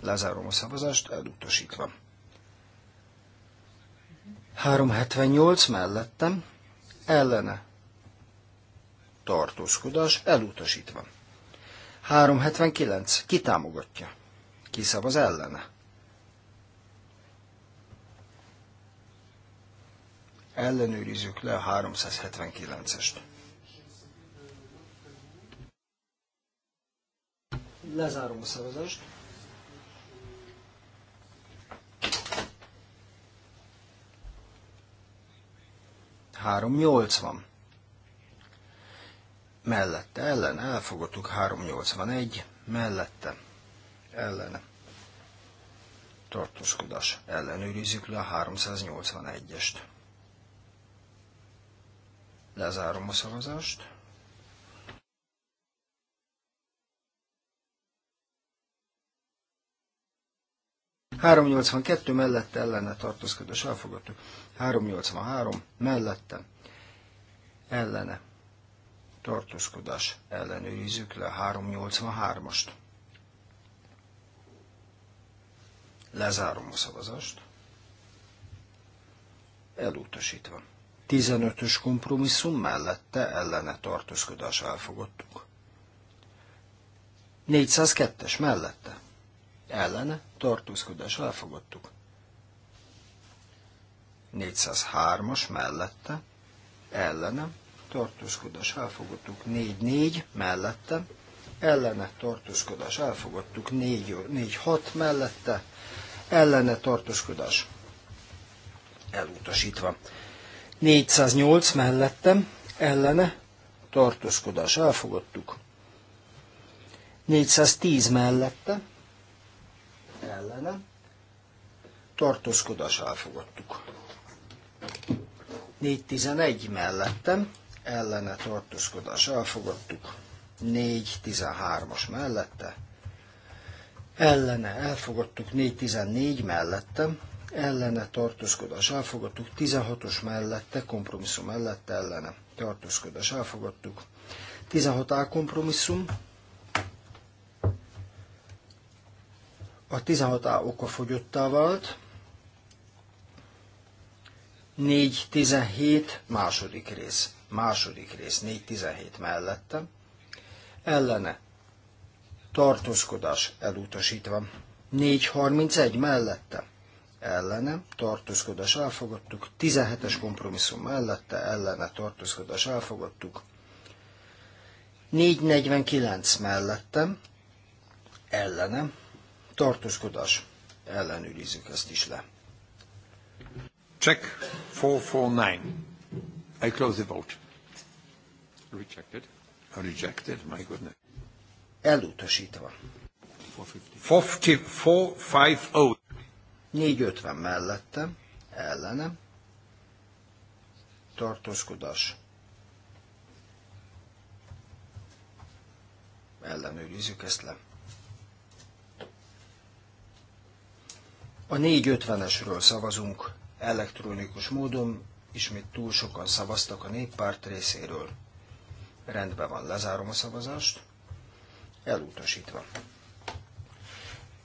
Lezárom a szavazást, elutasítva. 378 mellettem, ellene tartózkodás, elutasítva. 379 kitámogatja, kiszavaz ellene. Ellenőrizzük le a 379-est. Lezárom a szavazást. 380. Mellette, ellen, elfogadtuk 381, mellette, ellen. Tartózkodás. Ellenőrizzük le a 381-est. Lezárom a szavazást. Három mellette ellene tartózkodás elfogadtuk. 383 mellette ellene tartózkodás ellenőrizzük le a 383-ast. Lezárom a szavazást. Elutasítva. 15-ös kompromisszum mellette ellene tartózkodás elfogadtuk. 402-es mellette ellene tartózkodás elfogadtuk. 403-as mellette, ellene, tartózkodás elfogadtuk 4-4 mellette, ellene tartózkodás elfogadtuk 4-6 mellette, ellene tartózkodás elutasítva. 408 mellette, ellene tartózkodás elfogadtuk. 410 mellette, ellene tartózkodás elfogadtuk. 4.11 mellettem, ellene tartózkodás elfogadtuk. 4.13-as mellette, ellene elfogadtuk 4.14 mellettem, ellene tartózkodás elfogadtuk, 16-os mellette, kompromisszum mellette ellene tartózkodás elfogadtuk, 16A kompromisszum, a 16A fogyottá vált, 417 második rész. Második rész 417 mellette, Ellene tartózkodás elutasítva. 431 mellette ellene tartózkodás elfogadtuk, 17-es kompromisszum mellette ellene tartózkodás elfogadtuk, 449 mellette, ellene tartózkodás ellenőrizzük ezt is le. Check 449. I close the vote. Rejected. Rejected, my goodness. Elutasítva. 450. 450 450 mellettem, ellenem. Tartózkodás. Ellenőrizzük ezt le. A 450-esről szavazunk elektronikus módon, ismét túl sokan szavaztak a néppárt részéről. Rendben van, lezárom a szavazást. Elutasítva.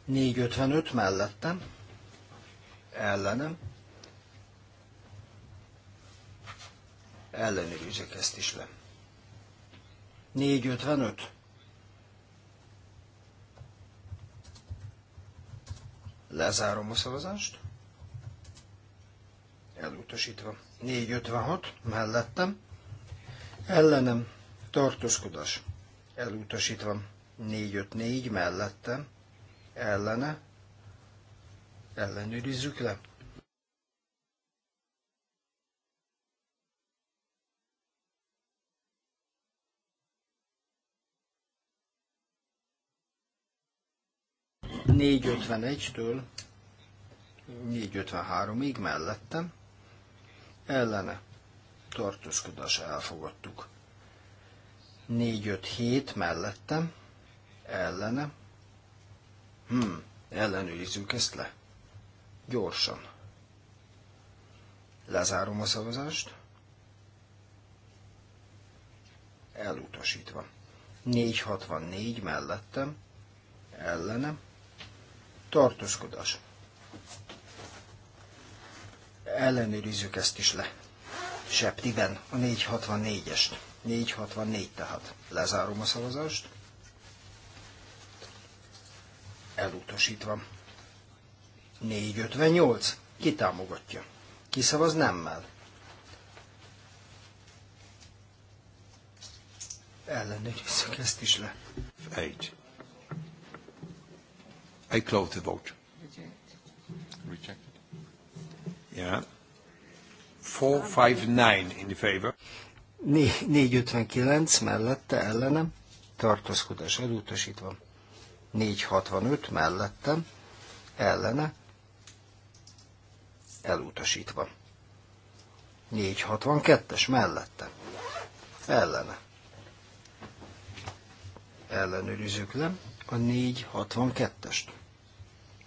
455 mellettem, ellenem, ellenőrizzük ezt is le. 455. Lezárom a szavazást elutasítva. 456 mellettem, ellenem tartózkodás elutasítva. 454 mellettem, ellene, ellenőrizzük le. négy ötvenegytől négy ig mellettem, ellene tartózkodás elfogadtuk. 4 5 hét mellettem, ellene. Hmm, ellenőrizzük ezt le. Gyorsan. Lezárom a szavazást. Elutasítva. 464 mellettem, ellene. Tartózkodás ellenőrizzük ezt is le. Septiben a 464-est. 464 tehát. Lezárom a szavazást. Elutasítva. 458. Ki támogatja? Ki szavaz nemmel? Ellenőrizzük ezt is le. Eight. I close the vote. Reject. Reject. Yeah. 459 in favor. 459 mellette ellenem, tartózkodás elutasítva. 465 mellettem, ellene, elutasítva. 462-es mellette, ellene. Ellenőrizzük le a 462-est.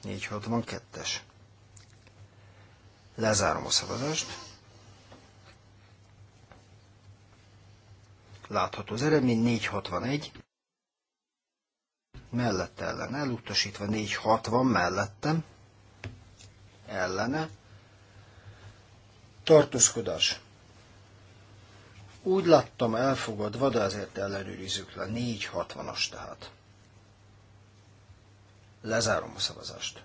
462-es. Lezárom a szavazást. Látható az eredmény 461. Mellette ellen elutasítva 460 mellettem. Ellene. Tartózkodás. Úgy láttam elfogadva, de azért ellenőrizzük le. 460-as tehát. Lezárom a szavazást.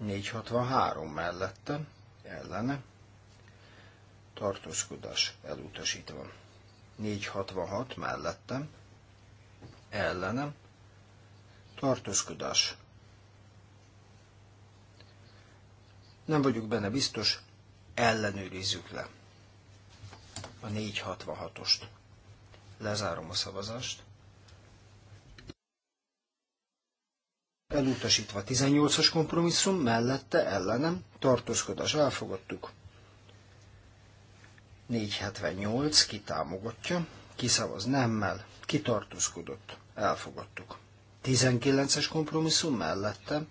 463 mellette, ellene, tartózkodás elutasítva. 466 mellettem, ellenem, tartózkodás. Nem vagyok benne biztos, ellenőrizzük le a 466-ost. Lezárom a szavazást. elutasítva 18-as kompromisszum, mellette ellenem tartózkodás elfogadtuk. 478 kitámogatja, kiszavaz nemmel, kitartózkodott, elfogadtuk. 19-es kompromisszum mellette.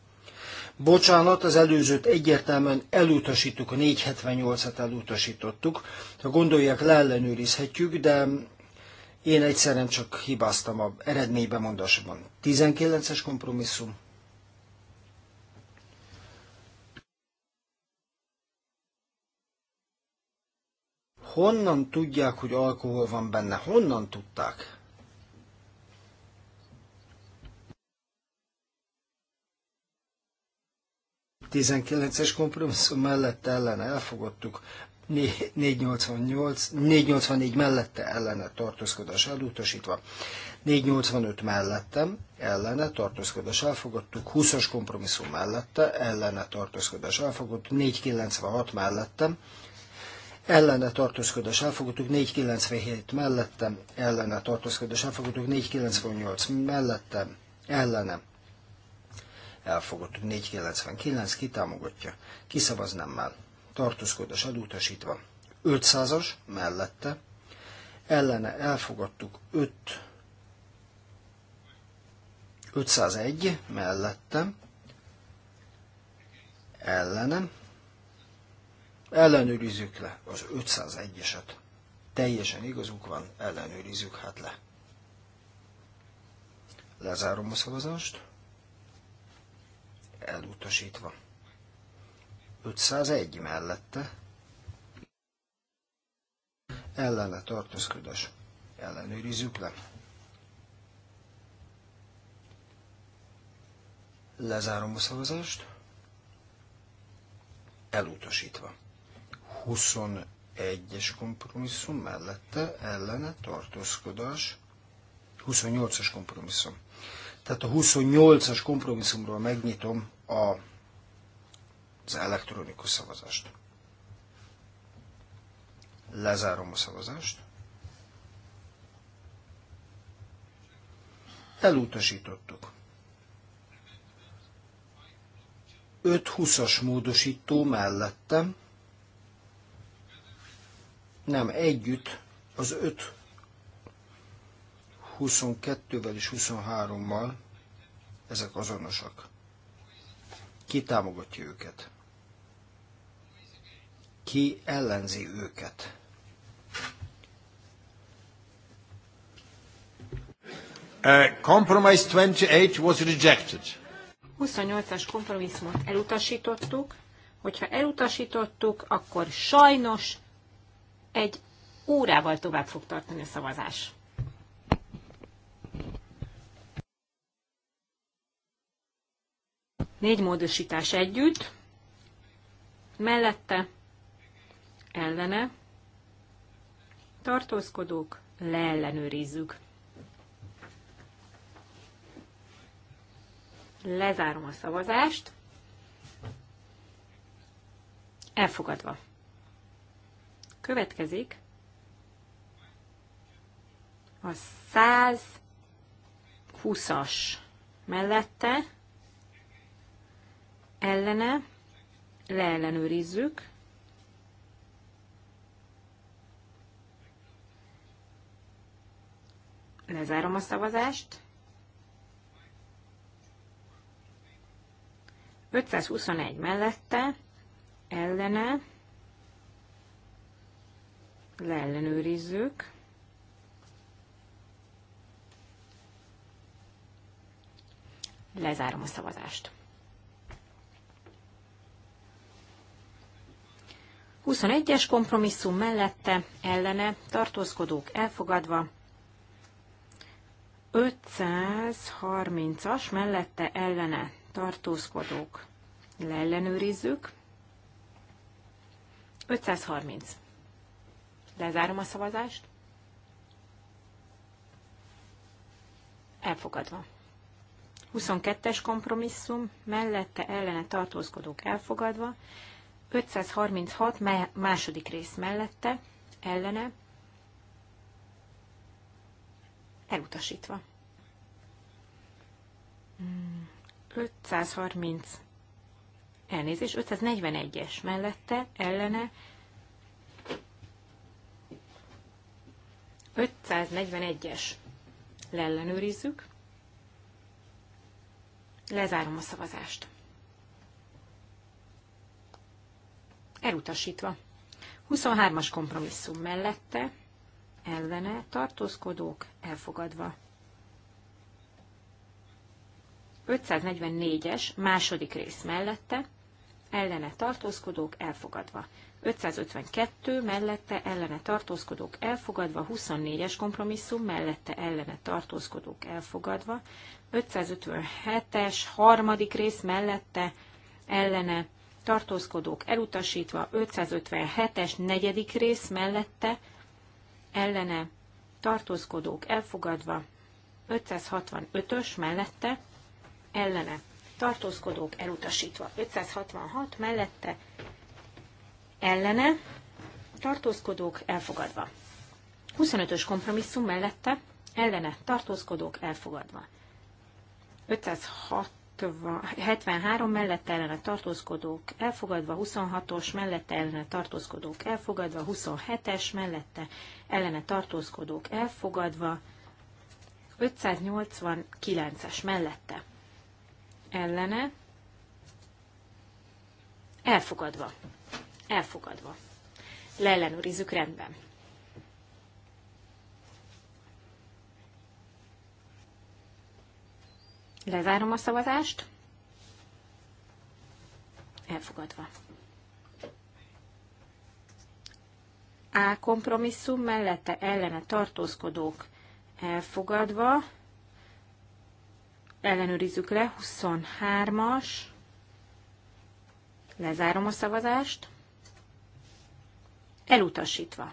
Bocsánat, az előzőt egyértelműen elutasítuk, a 478-at elutasítottuk. Ha gondolják, leellenőrizhetjük, de én egyszerűen csak hibáztam a eredménybemondásban. 19-es kompromisszum Honnan tudják, hogy alkohol van benne? Honnan tudták? Tizenkilences kompromisszum mellett ellen elfogadtuk, 488, 484 mellette ellene tartózkodás elutasítva, 485 mellettem ellene tartózkodás elfogadtuk, 20-as kompromisszum mellette ellene tartózkodás elfogadtuk, 496 mellettem ellene tartózkodás elfogadtuk 497 mellettem, ellene tartózkodás elfogadtuk 498 mellettem, ellenem. Elfogadtuk 499, kitámogatja, kiszavaz nem már, tartózkodás elutasítva. 500-as mellette, ellene elfogadtuk 5 501 mellettem, ellenem, Ellenőrizzük le az 501-eset. Teljesen igazuk van, ellenőrizzük hát le. Lezárom a szavazást. Elutasítva. 501 mellette. Ellene tartózkodás. Ellenőrizzük le. Lezárom a szavazást. Elutasítva. 21-es kompromisszum mellette ellene tartózkodás, 28-as kompromisszum. Tehát a 28-as kompromisszumról megnyitom a, az elektronikus szavazást. Lezárom a szavazást. Elutasítottuk. 5-20-as módosító mellettem, nem, együtt az 5 22-vel és 23-mal, ezek azonosak. Ki támogatja őket? Ki ellenzi őket? A compromise 28 was rejected. 28-as kompromisszumot elutasítottuk. Hogyha elutasítottuk, akkor sajnos egy órával tovább fog tartani a szavazás. Négy módosítás együtt, mellette, ellene, tartózkodók, leellenőrizzük. Lezárom a szavazást. Elfogadva. Következik a 120-as mellette ellene leellenőrizzük. Lezárom a szavazást. 521 mellette ellene leellenőrizzük. Lezárom a szavazást. 21-es kompromisszum mellette ellene tartózkodók elfogadva, 530-as mellette ellene tartózkodók leellenőrizzük. 530. Lezárom a szavazást. Elfogadva. 22-es kompromisszum, mellette ellene tartózkodók elfogadva, 536 második rész mellette, ellene, elutasítva. 530 elnézés, 541-es mellette, ellene, 541-es. Leellenőrizzük. Lezárom a szavazást. Elutasítva. 23-as kompromisszum mellette, ellene tartózkodók elfogadva. 544-es második rész mellette, ellene tartózkodók elfogadva. 552 mellette ellene tartózkodók elfogadva, 24-es kompromisszum mellette ellene tartózkodók elfogadva, 557-es harmadik rész mellette ellene tartózkodók elutasítva, 557-es negyedik rész mellette ellene tartózkodók elfogadva, 565-ös mellette ellene tartózkodók elutasítva, 566 mellette ellene, tartózkodók elfogadva. 25-ös kompromisszum mellette, ellene, tartózkodók elfogadva. 573 mellette ellene tartózkodók elfogadva, 26-os mellette ellene tartózkodók elfogadva, 27-es mellette ellene tartózkodók elfogadva, 589-es mellette ellene elfogadva. Elfogadva. Leellenőrizzük rendben. Lezárom a szavazást. Elfogadva. A kompromisszum mellette ellene tartózkodók elfogadva. Ellenőrizzük le 23-as. Lezárom a szavazást elutasítva.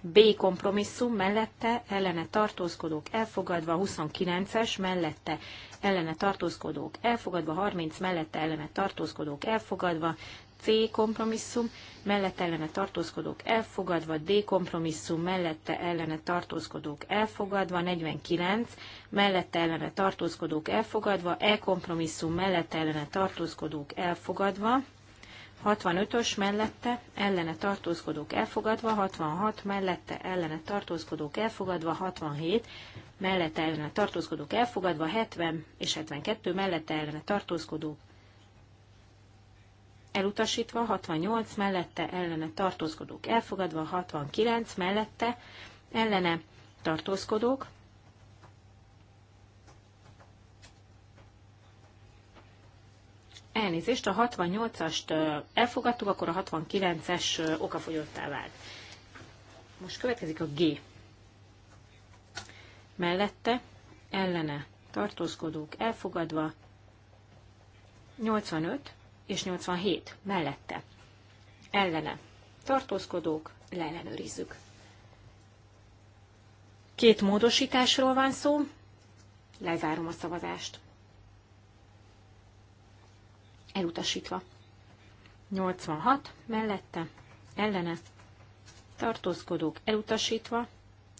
B kompromisszum mellette ellene tartózkodók elfogadva, 29-es mellette ellene tartózkodók elfogadva, 30 mellette ellene tartózkodók elfogadva, C kompromisszum, mellette ellene tartózkodók elfogadva, D kompromisszum, mellette ellene tartózkodók elfogadva, 49, mellette ellene tartózkodók elfogadva, E kompromisszum, mellette ellene tartózkodók elfogadva, 65-ös mellette ellene tartózkodók elfogadva, 66 mellette ellene tartózkodók elfogadva, 67 mellette ellene tartózkodók elfogadva, 70 és 72 mellette ellene tartózkodók elutasítva, 68 mellette ellene tartózkodók elfogadva, 69 mellette ellene tartózkodók elnézést, a 68-ast elfogadtuk, akkor a 69-es okafogyottá vált. Most következik a G. Mellette, ellene, tartózkodók elfogadva, 85 és 87 mellette, ellene, tartózkodók, leellenőrizzük. Két módosításról van szó, lezárom a szavazást elutasítva. 86 mellette, ellene, tartózkodók elutasítva,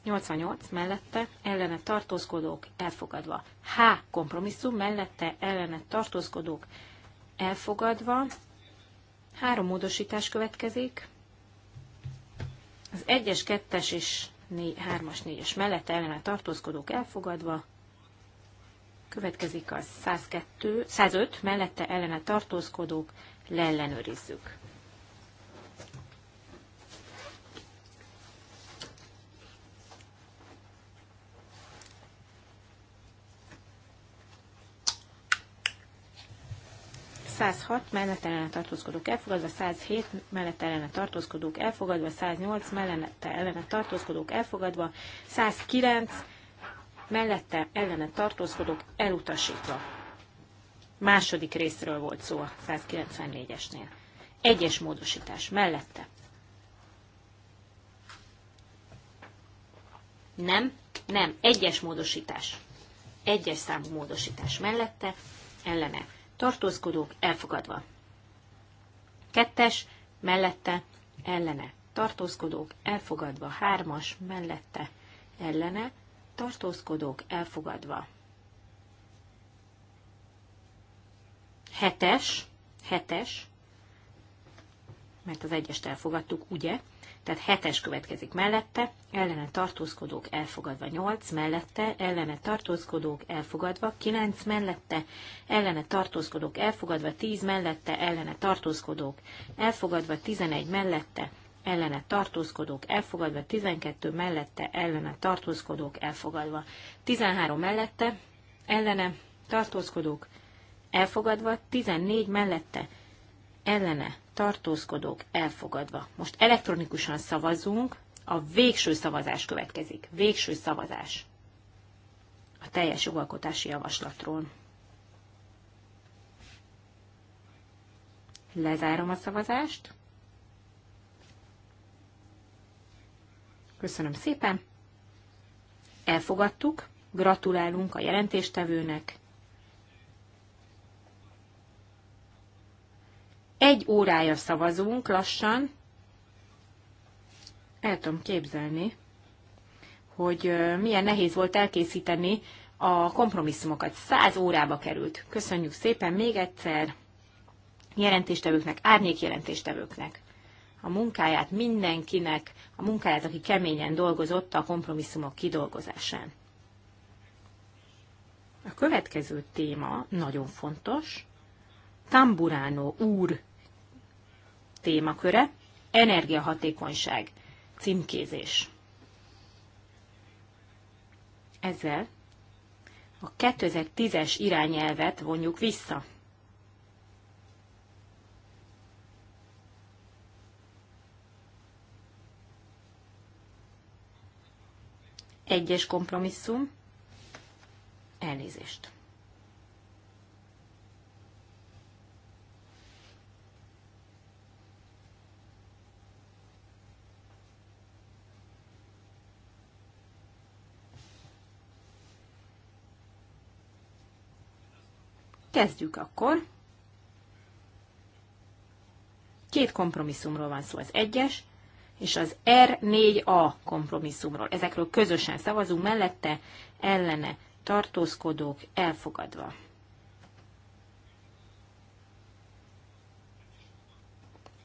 88 mellette, ellene tartózkodók elfogadva. H kompromisszum mellette, ellene tartózkodók elfogadva. Három módosítás következik. Az 1-es, 2-es és 3-as, 4-es mellette ellene tartózkodók elfogadva. Következik a 102, 105, mellette ellene tartózkodók, leellenőrizzük. hat mellett ellene tartózkodók elfogadva, 107 mellett ellene tartózkodók elfogadva, 108 mellette ellene tartózkodók elfogadva, 109 mellette ellene tartózkodók elutasítva. Második részről volt szó a 194-esnél. Egyes módosítás mellette. Nem, nem, egyes módosítás. Egyes számú módosítás mellette, ellene. Tartózkodók elfogadva. Kettes, mellette, ellene. Tartózkodók elfogadva. Hármas, mellette, ellene tartózkodók elfogadva. Hetes, hetes, mert az egyest elfogadtuk, ugye? Tehát hetes következik mellette, ellene tartózkodók elfogadva 8, mellette ellene tartózkodók elfogadva 9, mellette ellene tartózkodók elfogadva 10, mellette ellene tartózkodók elfogadva 11, mellette ellene tartózkodók elfogadva, 12 mellette ellene tartózkodók elfogadva, 13 mellette ellene tartózkodók elfogadva, 14 mellette ellene tartózkodók elfogadva. Most elektronikusan szavazunk, a végső szavazás következik. Végső szavazás a teljes jogalkotási javaslatról. Lezárom a szavazást. Köszönöm szépen. Elfogadtuk. Gratulálunk a jelentéstevőnek. Egy órája szavazunk lassan. El tudom képzelni, hogy milyen nehéz volt elkészíteni a kompromisszumokat. Száz órába került. Köszönjük szépen még egyszer jelentéstevőknek, árnyék jelentéstevőknek a munkáját mindenkinek, a munkáját, aki keményen dolgozott a kompromisszumok kidolgozásán. A következő téma nagyon fontos. Tamburánó úr témaköre, energiahatékonyság, címkézés. Ezzel a 2010-es irányelvet vonjuk vissza. Egyes kompromisszum. Elnézést. Kezdjük akkor. Két kompromisszumról van szó, az egyes, és az R4A kompromisszumról. Ezekről közösen szavazunk mellette, ellene tartózkodók elfogadva.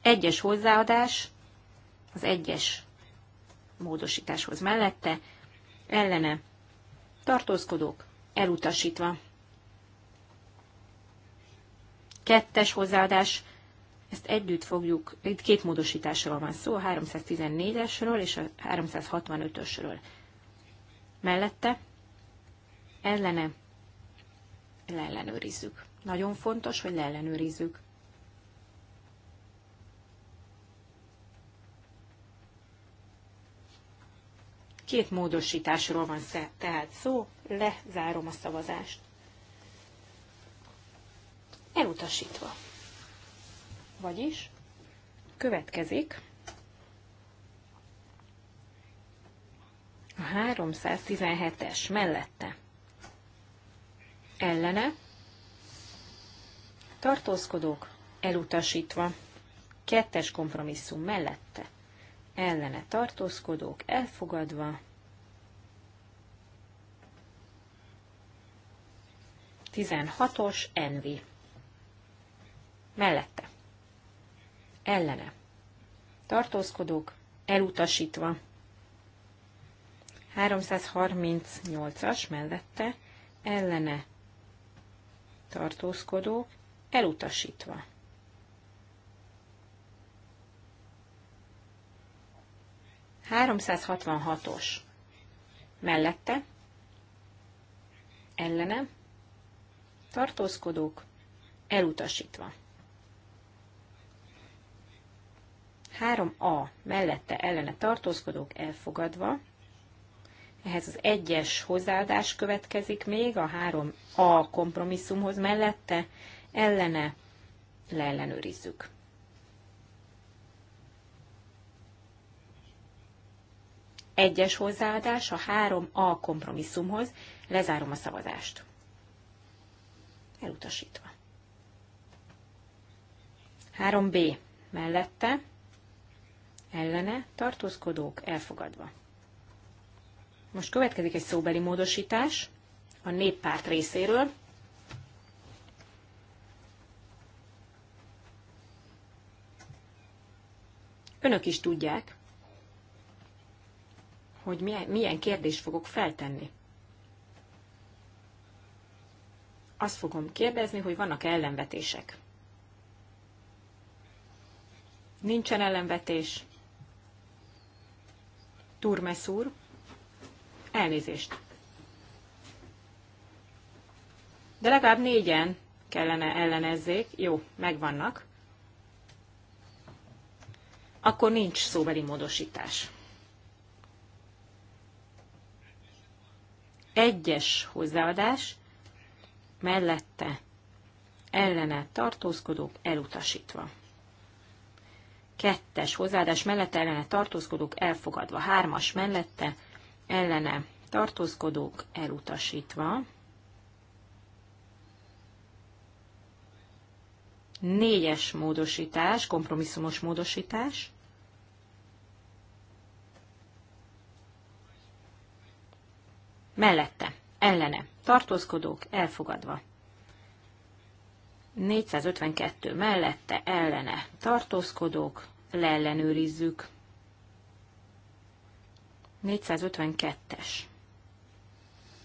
Egyes hozzáadás az egyes módosításhoz mellette, ellene tartózkodók elutasítva. Kettes hozzáadás ezt együtt fogjuk, itt két módosításról van szó, a 314-esről és a 365-ösről. Mellette ellene leellenőrizzük. Nagyon fontos, hogy leellenőrizzük. Két módosításról van szó, tehát szó, lezárom a szavazást. Elutasítva. Vagyis következik a 317-es mellette ellene tartózkodók elutasítva, kettes kompromisszum mellette ellene tartózkodók elfogadva, Tizenhatos envi mellette ellene. Tartózkodók elutasítva. 338-as mellette ellene tartózkodók elutasítva. Háromszázhatvanhatos mellette ellene tartózkodók elutasítva. 3A mellette ellene tartózkodók elfogadva, ehhez az egyes hozzáadás következik még, a 3A kompromisszumhoz mellette ellene leellenőrizzük. Egyes hozzáadás a 3A kompromisszumhoz, lezárom a szavazást. Elutasítva. 3B mellette ellene tartózkodók elfogadva. Most következik egy szóbeli módosítás a néppárt részéről. Önök is tudják, hogy milyen, milyen kérdést fogok feltenni. Azt fogom kérdezni, hogy vannak-e ellenvetések. Nincsen ellenvetés, Turmes úr, elnézést. De legalább négyen kellene ellenezzék. Jó, megvannak. Akkor nincs szóbeli módosítás. Egyes hozzáadás mellette ellene tartózkodók elutasítva kettes hozzáadás mellette ellene tartózkodók elfogadva, hármas mellette ellene tartózkodók elutasítva, négyes módosítás, kompromisszumos módosítás, mellette, ellene, tartózkodók elfogadva. 452 mellette ellene tartózkodók, leellenőrizzük. 452-es.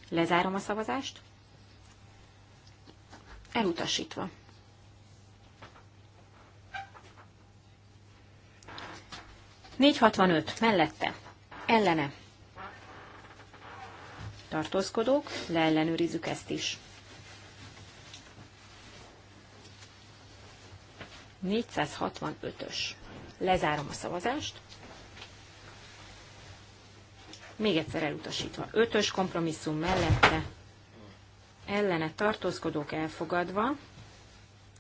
Lezárom a szavazást. Elutasítva. Négy hatvanöt mellette, ellene. Tartózkodók, leellenőrizzük ezt is. 465-ös. Lezárom a szavazást. Még egyszer elutasítva. Ötös kompromisszum mellette ellene tartózkodók elfogadva.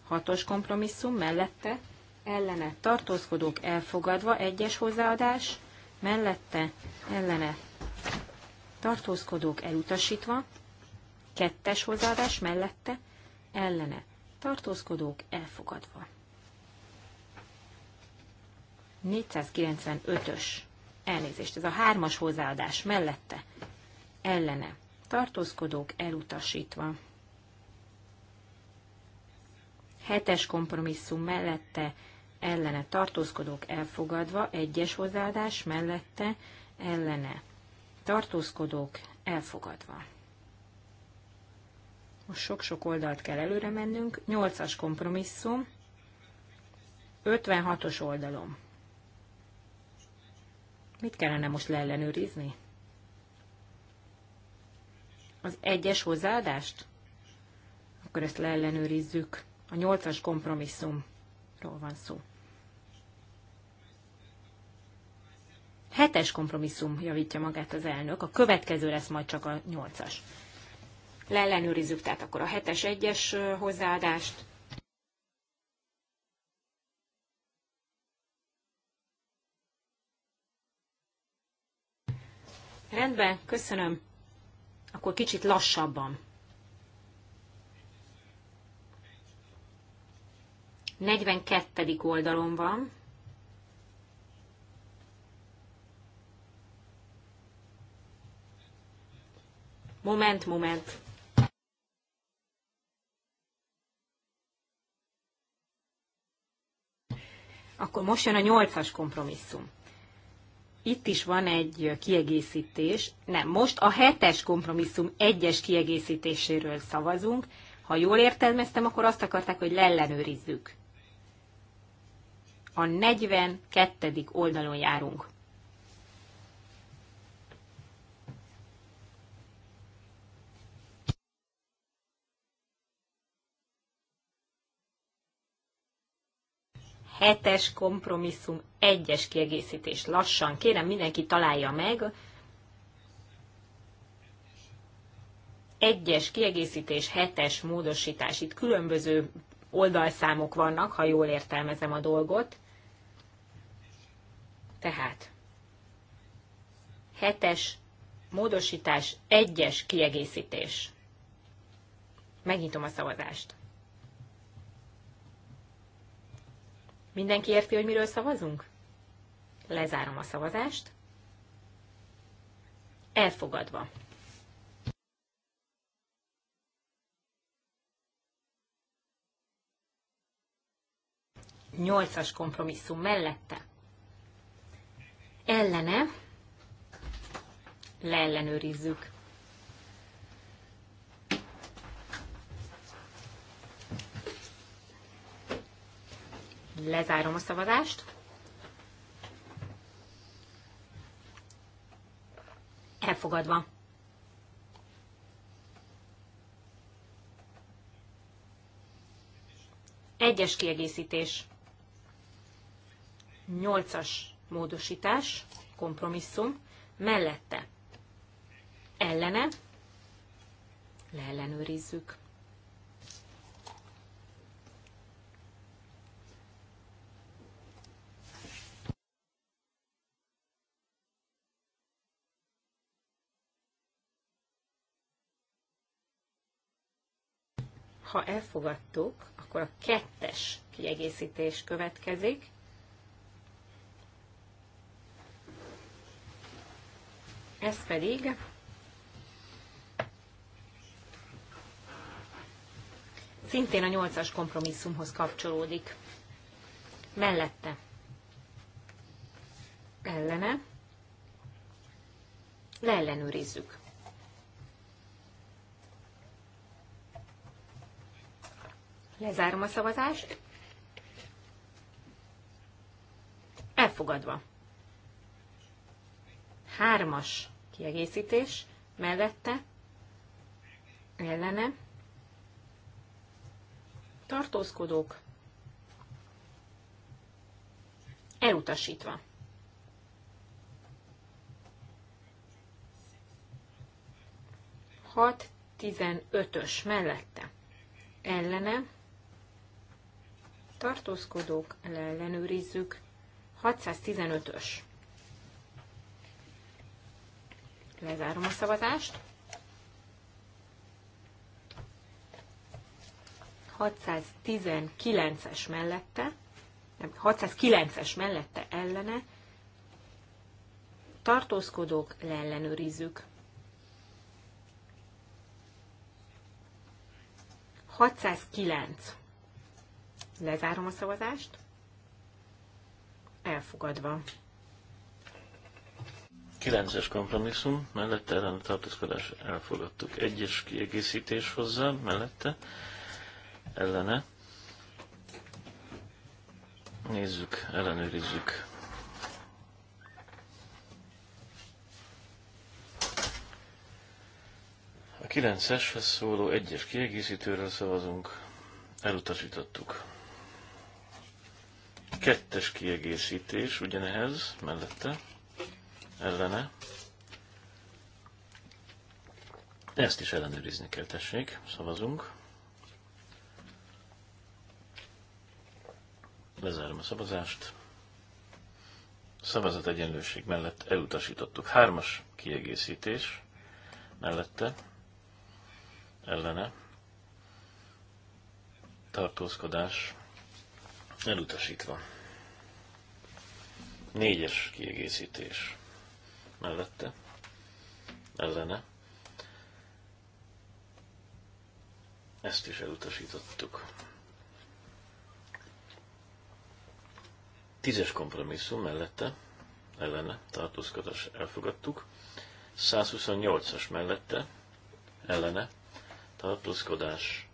Hatos kompromisszum mellette ellene tartózkodók elfogadva. Egyes hozzáadás mellette ellene tartózkodók elutasítva. Kettes hozzáadás mellette ellene tartózkodók elfogadva. 495-ös elnézést, ez a hármas hozzáadás mellette, ellene, tartózkodók elutasítva. Hetes kompromisszum mellette, ellene, tartózkodók elfogadva, egyes hozzáadás mellette, ellene, tartózkodók elfogadva. Most sok-sok oldalt kell előre mennünk. Nyolcas kompromisszum, 56-os oldalom Mit kellene most leellenőrizni? Az egyes hozzáadást? Akkor ezt leellenőrizzük. A nyolcas kompromisszumról van szó. Hetes kompromisszum javítja magát az elnök, a következő lesz majd csak a nyolcas. Leellenőrizzük tehát akkor a hetes egyes hozzáadást, Rendben, köszönöm. Akkor kicsit lassabban. 42. oldalon van. Moment, moment. Akkor most jön a nyolcas kompromisszum itt is van egy kiegészítés. Nem, most a hetes kompromisszum egyes kiegészítéséről szavazunk. Ha jól értelmeztem, akkor azt akarták, hogy leellenőrizzük. A 42. oldalon járunk. hetes kompromisszum egyes kiegészítés. Lassan, kérem, mindenki találja meg. Egyes kiegészítés, hetes módosítás. Itt különböző oldalszámok vannak, ha jól értelmezem a dolgot. Tehát hetes módosítás, egyes kiegészítés. Megnyitom a szavazást. Mindenki érti, hogy miről szavazunk? Lezárom a szavazást. Elfogadva. Nyolcas kompromisszum mellette. Ellene leellenőrizzük. Lezárom a szavazást. Elfogadva. Egyes kiegészítés. Nyolcas módosítás, kompromisszum, mellette. Ellene. Leellenőrizzük. Ha elfogadtuk, akkor a kettes kiegészítés következik. Ez pedig szintén a nyolcas kompromisszumhoz kapcsolódik. Mellette. Ellene. Leellenőrizzük. Lezárom a szavazást. Elfogadva. Hármas kiegészítés mellette, ellene, tartózkodók, elutasítva. Hat tizenötös mellette, ellene, tartózkodók, ellenőrizzük. 615-ös. Lezárom a szavazást. 619-es mellette, nem, 609-es mellette ellene tartózkodók leellenőrizzük. 609. Lezárom a szavazást. Elfogadva. 9-es kompromisszum, mellette ellen tartózkodás elfogadtuk. 1-es kiegészítés hozzá, mellette ellene. Nézzük, ellenőrizzük. A 9-eshez szóló 1-es kiegészítőről szavazunk, elutasítottuk. Kettes kiegészítés ugyanehhez mellette, ellene. Ezt is ellenőrizni kell, tessék, szavazunk. Lezárom a szavazást. Szavazat egyenlőség mellett elutasítottuk. Hármas kiegészítés mellette, ellene, tartózkodás, Elutasítva. Négyes kiegészítés. Mellette. Ellene. Ezt is elutasítottuk. Tízes kompromisszum mellette, ellene, tartózkodás elfogadtuk. 128-as mellette, ellene, tartózkodás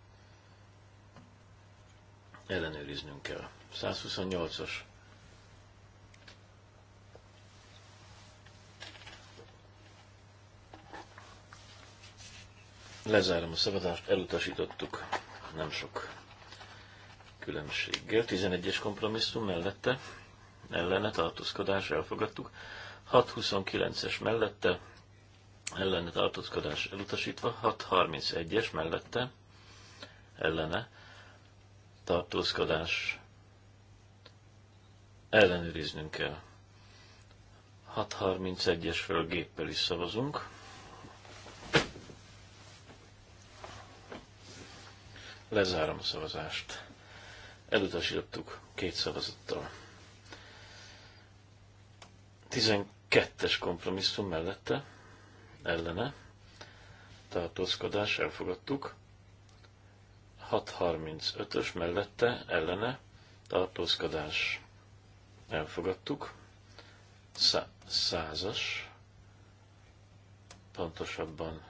ellenőriznünk kell. 128-os. Lezárom a szabadást, elutasítottuk nem sok különbséggel. 11-es kompromisszum mellette, ellene tartózkodás, elfogadtuk. 629-es mellette, ellene tartózkodás elutasítva, 631-es mellette, ellene tartózkodás ellenőriznünk kell. 631 föl géppel is szavazunk. Lezárom a szavazást. Elutasítottuk két szavazattal. 12-es kompromisszum mellette, ellene, tartózkodás, elfogadtuk. 635-ös mellette, ellene, tartózkodás, elfogadtuk. Szá- százas, pontosabban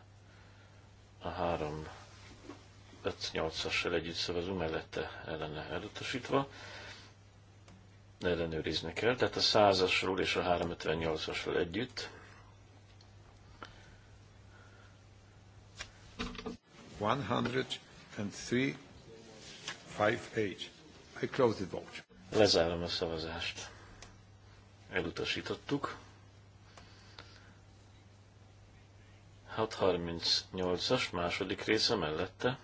a három 5-8-assal együtt szavazunk, mellette ellene elutasítva. Ellenőrizni kell, tehát a 100-asról és a 358-asról együtt. Lezárom a szavazást elutasítottuk. 638-as második része mellette,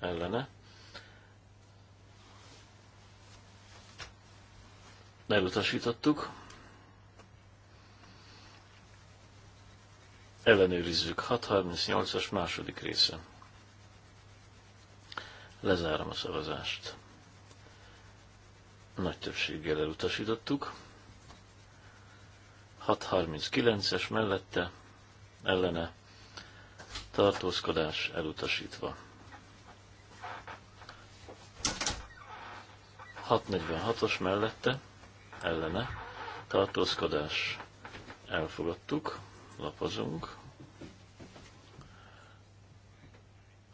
ellene. Elutasítottuk. Ellenőrizzük. 638-as második része. Lezárom a szavazást. Nagy többséggel elutasítottuk. 639-es mellette ellene tartózkodás elutasítva. 646-os mellette ellene tartózkodás elfogadtuk, lapozunk.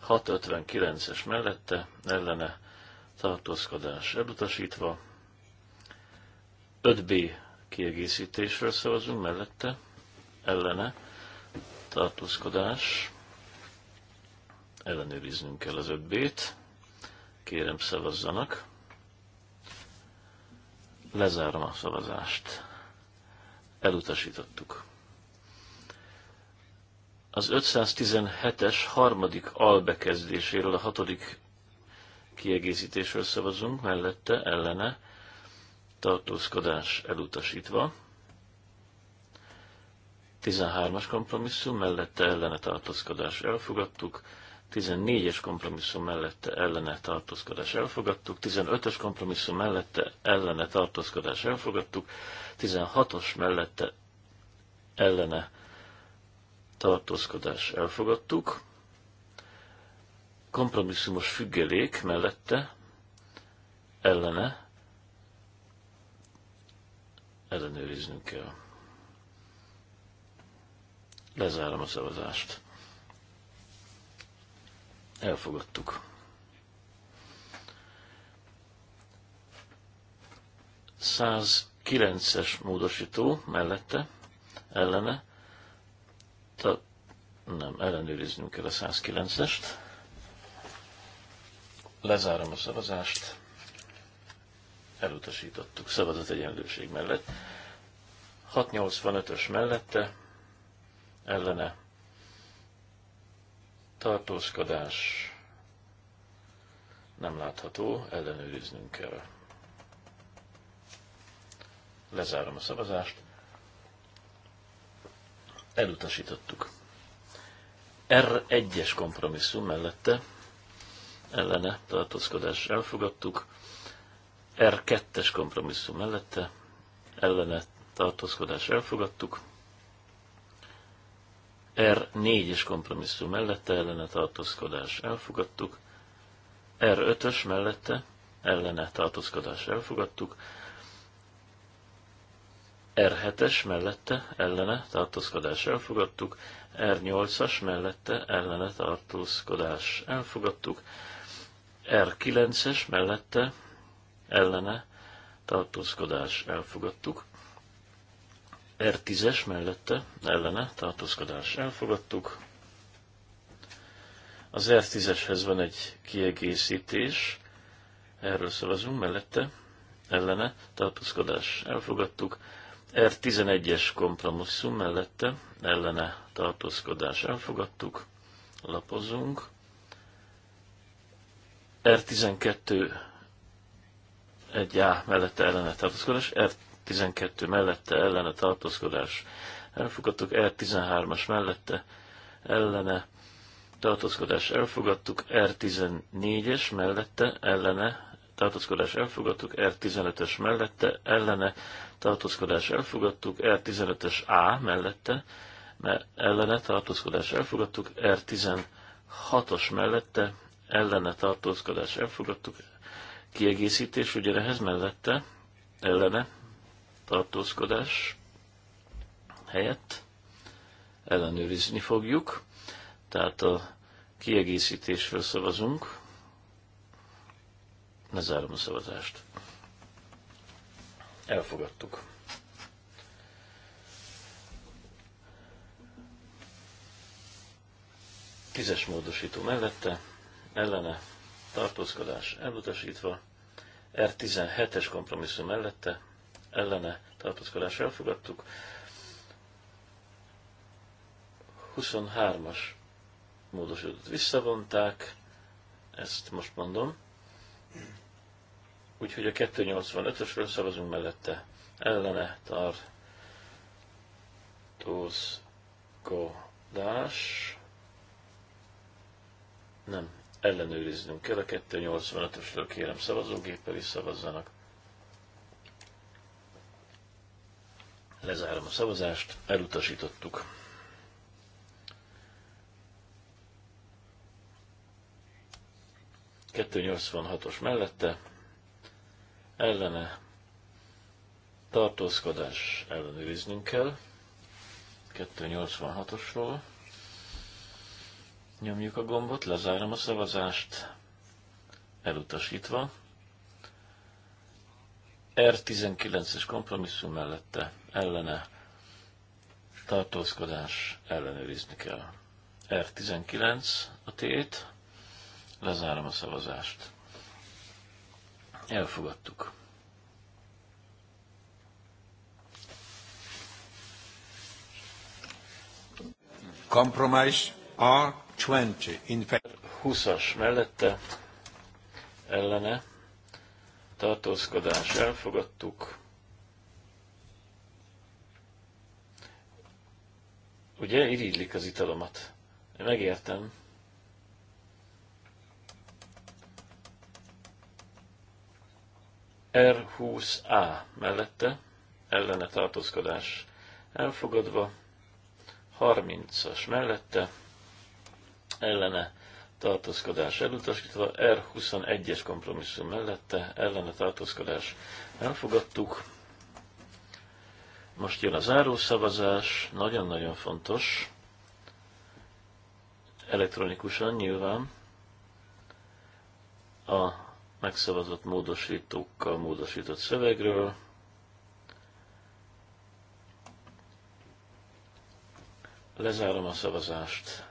659-es mellette ellene tartózkodás elutasítva. 5B kiegészítésről szavazunk, mellette ellene tartózkodás, ellenőriznünk kell az öbbét, kérem szavazzanak. Lezárom a szavazást. Elutasítottuk. Az 517-es harmadik albekezdéséről, a hatodik kiegészítésről szavazunk, mellette, ellene, tartózkodás elutasítva. 13-as kompromisszum mellette ellene tartózkodás elfogadtuk, 14-es kompromisszum mellette ellene tartózkodás elfogadtuk, 15-ös kompromisszum mellette ellene tartózkodás elfogadtuk, 16-os mellette ellene tartózkodás elfogadtuk, kompromisszumos függelék mellette ellene ellenőriznünk kell. Lezárom a szavazást. Elfogadtuk. Száz kilences módosító mellette, ellene. Ta, nem, ellenőriznünk kell a 109-est. Lezárom a szavazást elutasítottuk szavazat egyenlőség mellett. 685-ös mellette ellene tartózkodás nem látható, ellenőriznünk kell. Lezárom a szavazást. Elutasítottuk. R1-es kompromisszum mellette ellene tartózkodás elfogadtuk. R2-es kompromisszum mellette ellene tartózkodás elfogadtuk. R4-es kompromisszum mellette ellene tartózkodás elfogadtuk. R5-ös mellette ellene tartózkodás elfogadtuk. R7-es mellette ellene tartózkodás elfogadtuk, R8-as mellette ellene tartózkodás elfogadtuk, R9-es mellette ellene tartózkodás elfogadtuk. R10-es mellette ellene tartózkodás elfogadtuk. Az R10-eshez van egy kiegészítés, erről szavazunk mellette, ellene tartózkodás elfogadtuk. R11-es kompromisszum mellette ellene tartózkodás elfogadtuk, lapozunk. R12 1A mellette ellene tartózkodás, R12 mellette ellene tartózkodás, elfogadtuk R13-as mellette ellene tartózkodás, elfogadtuk R14-es mellette ellene tartózkodás, elfogadtuk R15-ös mellette ellene tartózkodás, elfogadtuk R15-ös A mellette ellene tartózkodás elfogadtuk, R16-os mellette ellene tartózkodás elfogadtuk, kiegészítés ugye ehhez mellette, ellene, tartózkodás helyett ellenőrizni fogjuk. Tehát a kiegészítésről szavazunk. zárom a szavazást. Elfogadtuk. Tízes módosító mellette, ellene tartózkodás elutasítva, R17-es kompromisszum mellette, ellene tartózkodás elfogadtuk, 23-as módosítót visszavonták, ezt most mondom, úgyhogy a 285-ösről szavazunk mellette, ellene tartózkodás, nem, ellenőriznünk kell. A 285-ösről kérem szavazógéppel is szavazzanak. Lezárom a szavazást, elutasítottuk. os mellette ellene tartózkodás ellenőriznünk kell 286-osról. Nyomjuk a gombot, lezárom a szavazást. Elutasítva. R19-es kompromisszum mellette ellene tartózkodás ellenőrizni kell. R19 a tét, lezárom a szavazást. Elfogadtuk. Compromise A 20-as mellette ellene tartózkodás elfogadtuk. Ugye irigylik az italomat. Én megértem. R20A mellette ellene tartózkodás elfogadva, 30-as mellette ellene tartózkodás elutasítva, R21-es kompromisszum mellette ellene tartózkodás elfogadtuk. Most jön a zárószavazás, nagyon-nagyon fontos, elektronikusan nyilván a megszavazott módosítókkal módosított szövegről. Lezárom a szavazást.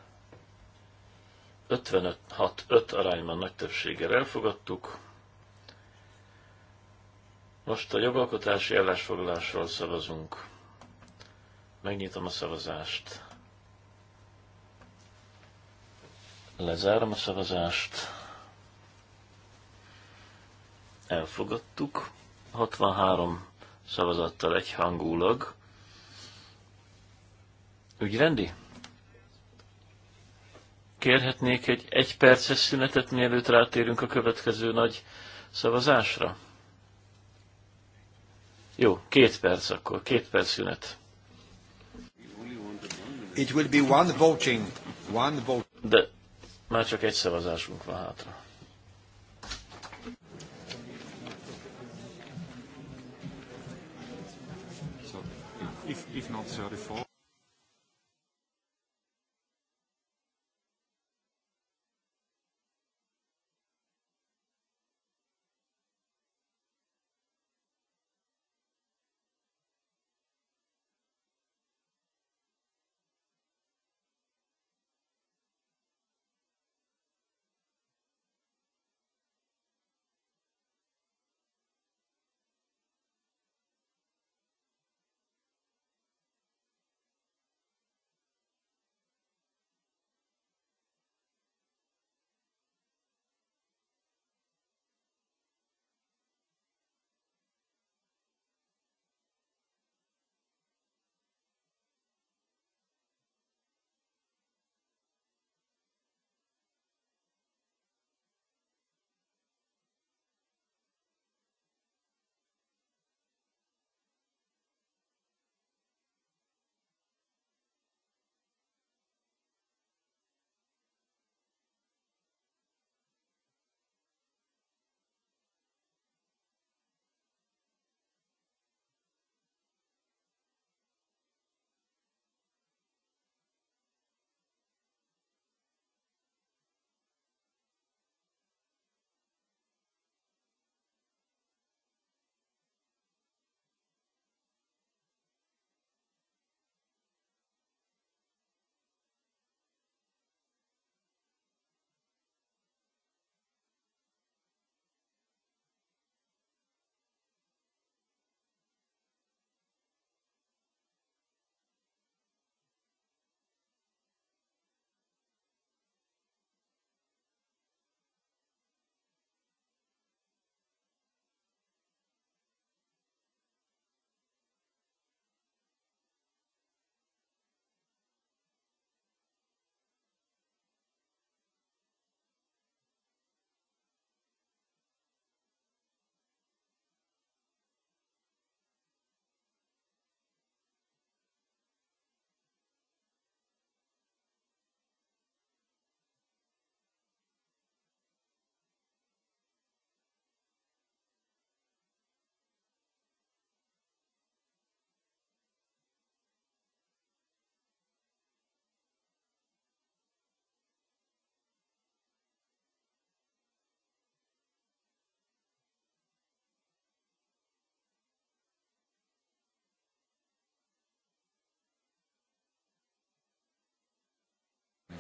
55 5 arányban nagy többséggel elfogadtuk. Most a jogalkotási állásfoglalásról szavazunk. Megnyitom a szavazást. Lezárom a szavazást. Elfogadtuk. 63 szavazattal egyhangulag. Ügyrendi? kérhetnék egy egy perces szünetet, mielőtt rátérünk a következő nagy szavazásra? Jó, két perc akkor, két perc szünet. It will be one voting. One vote. De már csak egy szavazásunk van hátra. If, if not 34.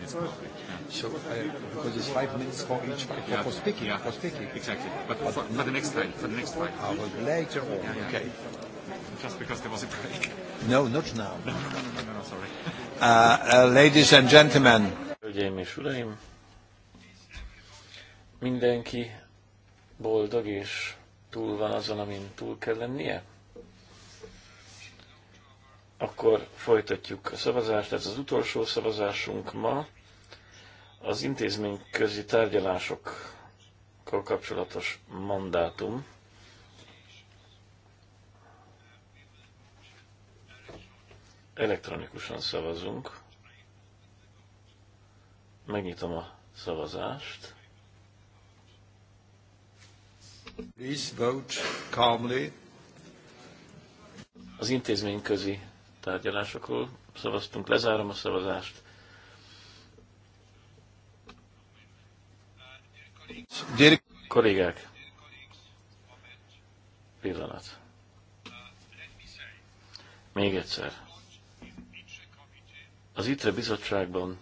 So, uh, because it's five minutes for each yeah. for speaking. Yeah. For speaking. Exactly. But, but for, for the next time. For the next time. Uh, but later on. Yeah, yeah. Okay. Just because there was a break. No, not now. No, no, no, no, no, no sorry. Uh, uh, ladies and gentlemen. Hölgyeim és uraim, mindenki boldog és túl van azon, amin túl kell lennie? Akkor folytatjuk a szavazást, ez az utolsó szavazásunk ma az intézmény közi tárgyalásokkal kapcsolatos mandátum elektronikusan szavazunk. Megnyitom a szavazást. Please vote calmly. Az intézmény közi tárgyalásokról szavaztunk, lezárom a szavazást. Kollégák, pillanat. Még egyszer. Az ITRE bizottságban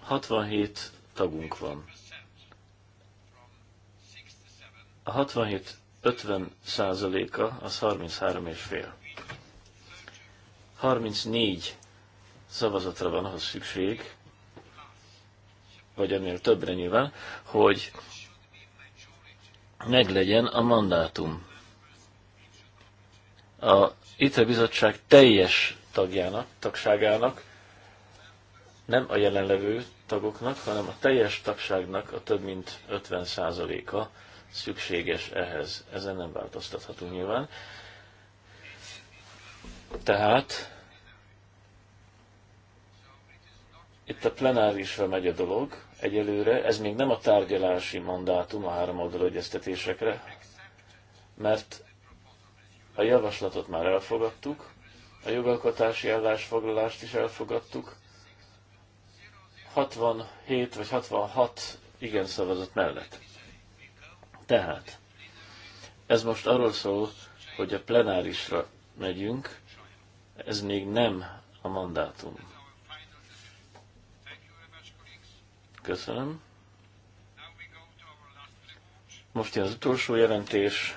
67 tagunk van. A 67 50 százaléka az 33 és fél. 34 szavazatra van ahhoz szükség, vagy ennél többre nyilván, hogy meglegyen a mandátum. A ITRE bizottság teljes tagjának, tagságának, nem a jelenlevő tagoknak, hanem a teljes tagságnak a több mint 50%-a szükséges ehhez. Ezen nem változtathatunk nyilván. Tehát Itt a plenárisra megy a dolog egyelőre, ez még nem a tárgyalási mandátum a három oldalú egyeztetésekre, mert a javaslatot már elfogadtuk, a jogalkotási állásfoglalást is elfogadtuk, 67 vagy 66 igen szavazat mellett. Tehát, ez most arról szól, hogy a plenárisra megyünk, ez még nem a mandátum. Köszönöm. Most jön az utolsó jelentés.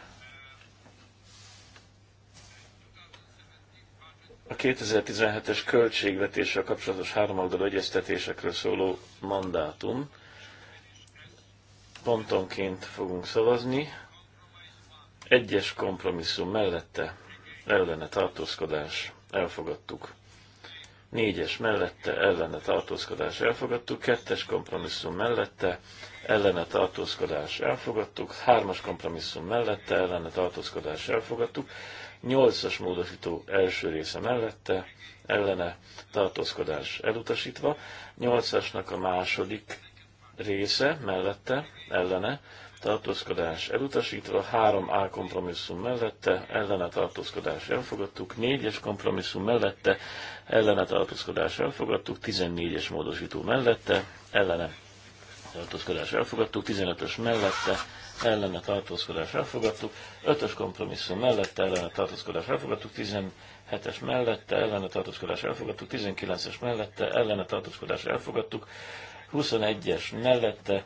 A 2017-es költségvetéssel kapcsolatos háromoldalú egyeztetésekről szóló mandátum. Pontonként fogunk szavazni. Egyes kompromisszum mellette ellene tartózkodás elfogadtuk négyes mellette ellene tartózkodás elfogadtuk, kettes kompromisszum mellette ellene tartózkodás elfogadtuk, hármas kompromisszum mellette ellene tartózkodás elfogadtuk, nyolcas módosító első része mellette ellene tartózkodás elutasítva, nyolcasnak a második része mellette ellene tartózkodás elutasítva, három a kompromisszum mellette, ellene tartózkodás elfogadtuk, négyes kompromisszum mellette, ellene tartózkodás elfogadtuk, 14-es módosító mellette, ellene tartózkodás elfogadtuk, 15-ös mellette, ellene tartózkodás elfogadtuk, 5-ös kompromisszum mellette, ellene tartózkodás elfogadtuk, 17-es mellette, ellene tartózkodás elfogadtuk, 19-es mellette, ellene tartózkodás elfogadtuk, 21-es mellette,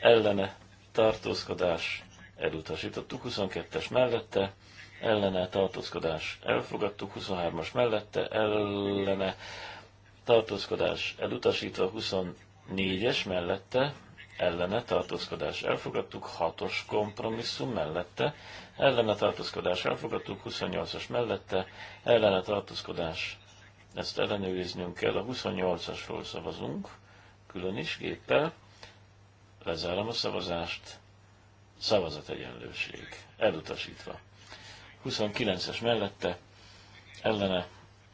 ellene tartózkodás, elutasítottuk 22-es mellette, ellene tartózkodás, elfogadtuk 23-as mellette, ellene tartózkodás, elutasítva 24-es mellette, ellene tartózkodás, elfogadtuk 6-os kompromisszum mellette, ellene tartózkodás, elfogadtuk 28-as mellette, ellene tartózkodás, ezt ellenőriznünk kell, a 28-asról szavazunk, külön is géppel, Lezárom a szavazást. Szavazat egyenlőség. Elutasítva. 29-es mellette ellene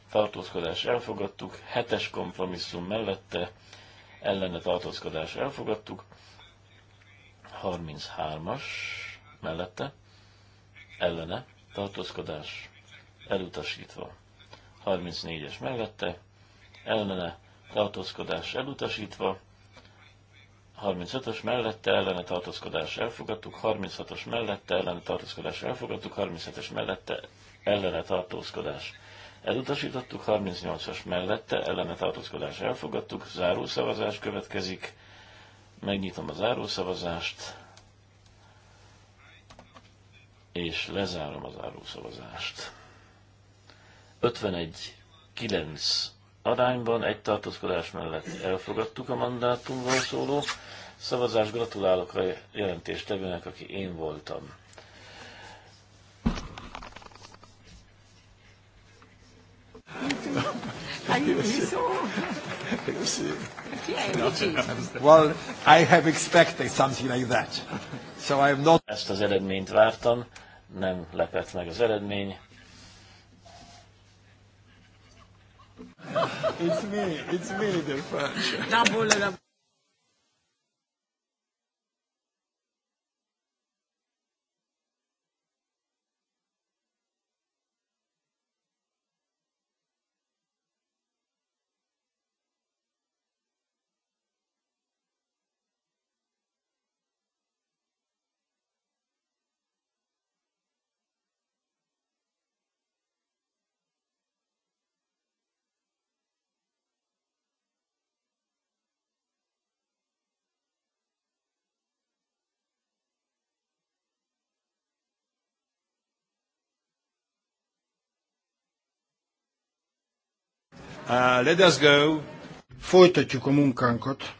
tartózkodás elfogadtuk, 7-es kompromisszum mellette ellene tartózkodás elfogadtuk, 33-as mellette ellene tartózkodás elutasítva, 34-es mellette ellene tartózkodás elutasítva, 35-ös mellette ellene tartózkodás elfogadtuk, 36-os mellette ellene tartózkodás elfogadtuk, 37-es mellette ellene tartózkodás elutasítottuk, 38-as mellette ellene tartózkodás elfogadtuk, zárószavazás következik, megnyitom a zárószavazást, és lezárom a zárószavazást. 51 9 arányban, egy tartózkodás mellett elfogadtuk a mandátumról szóló szavazás. Gratulálok a jelentéstevőnek, aki én voltam. Well, I have expected something like that. So I'm not... Ezt az eredményt vártam, nem lepett meg az eredmény. It's me, it's me, the French. Double, double. Uh, let us go. Folytatjuk a munkánkat.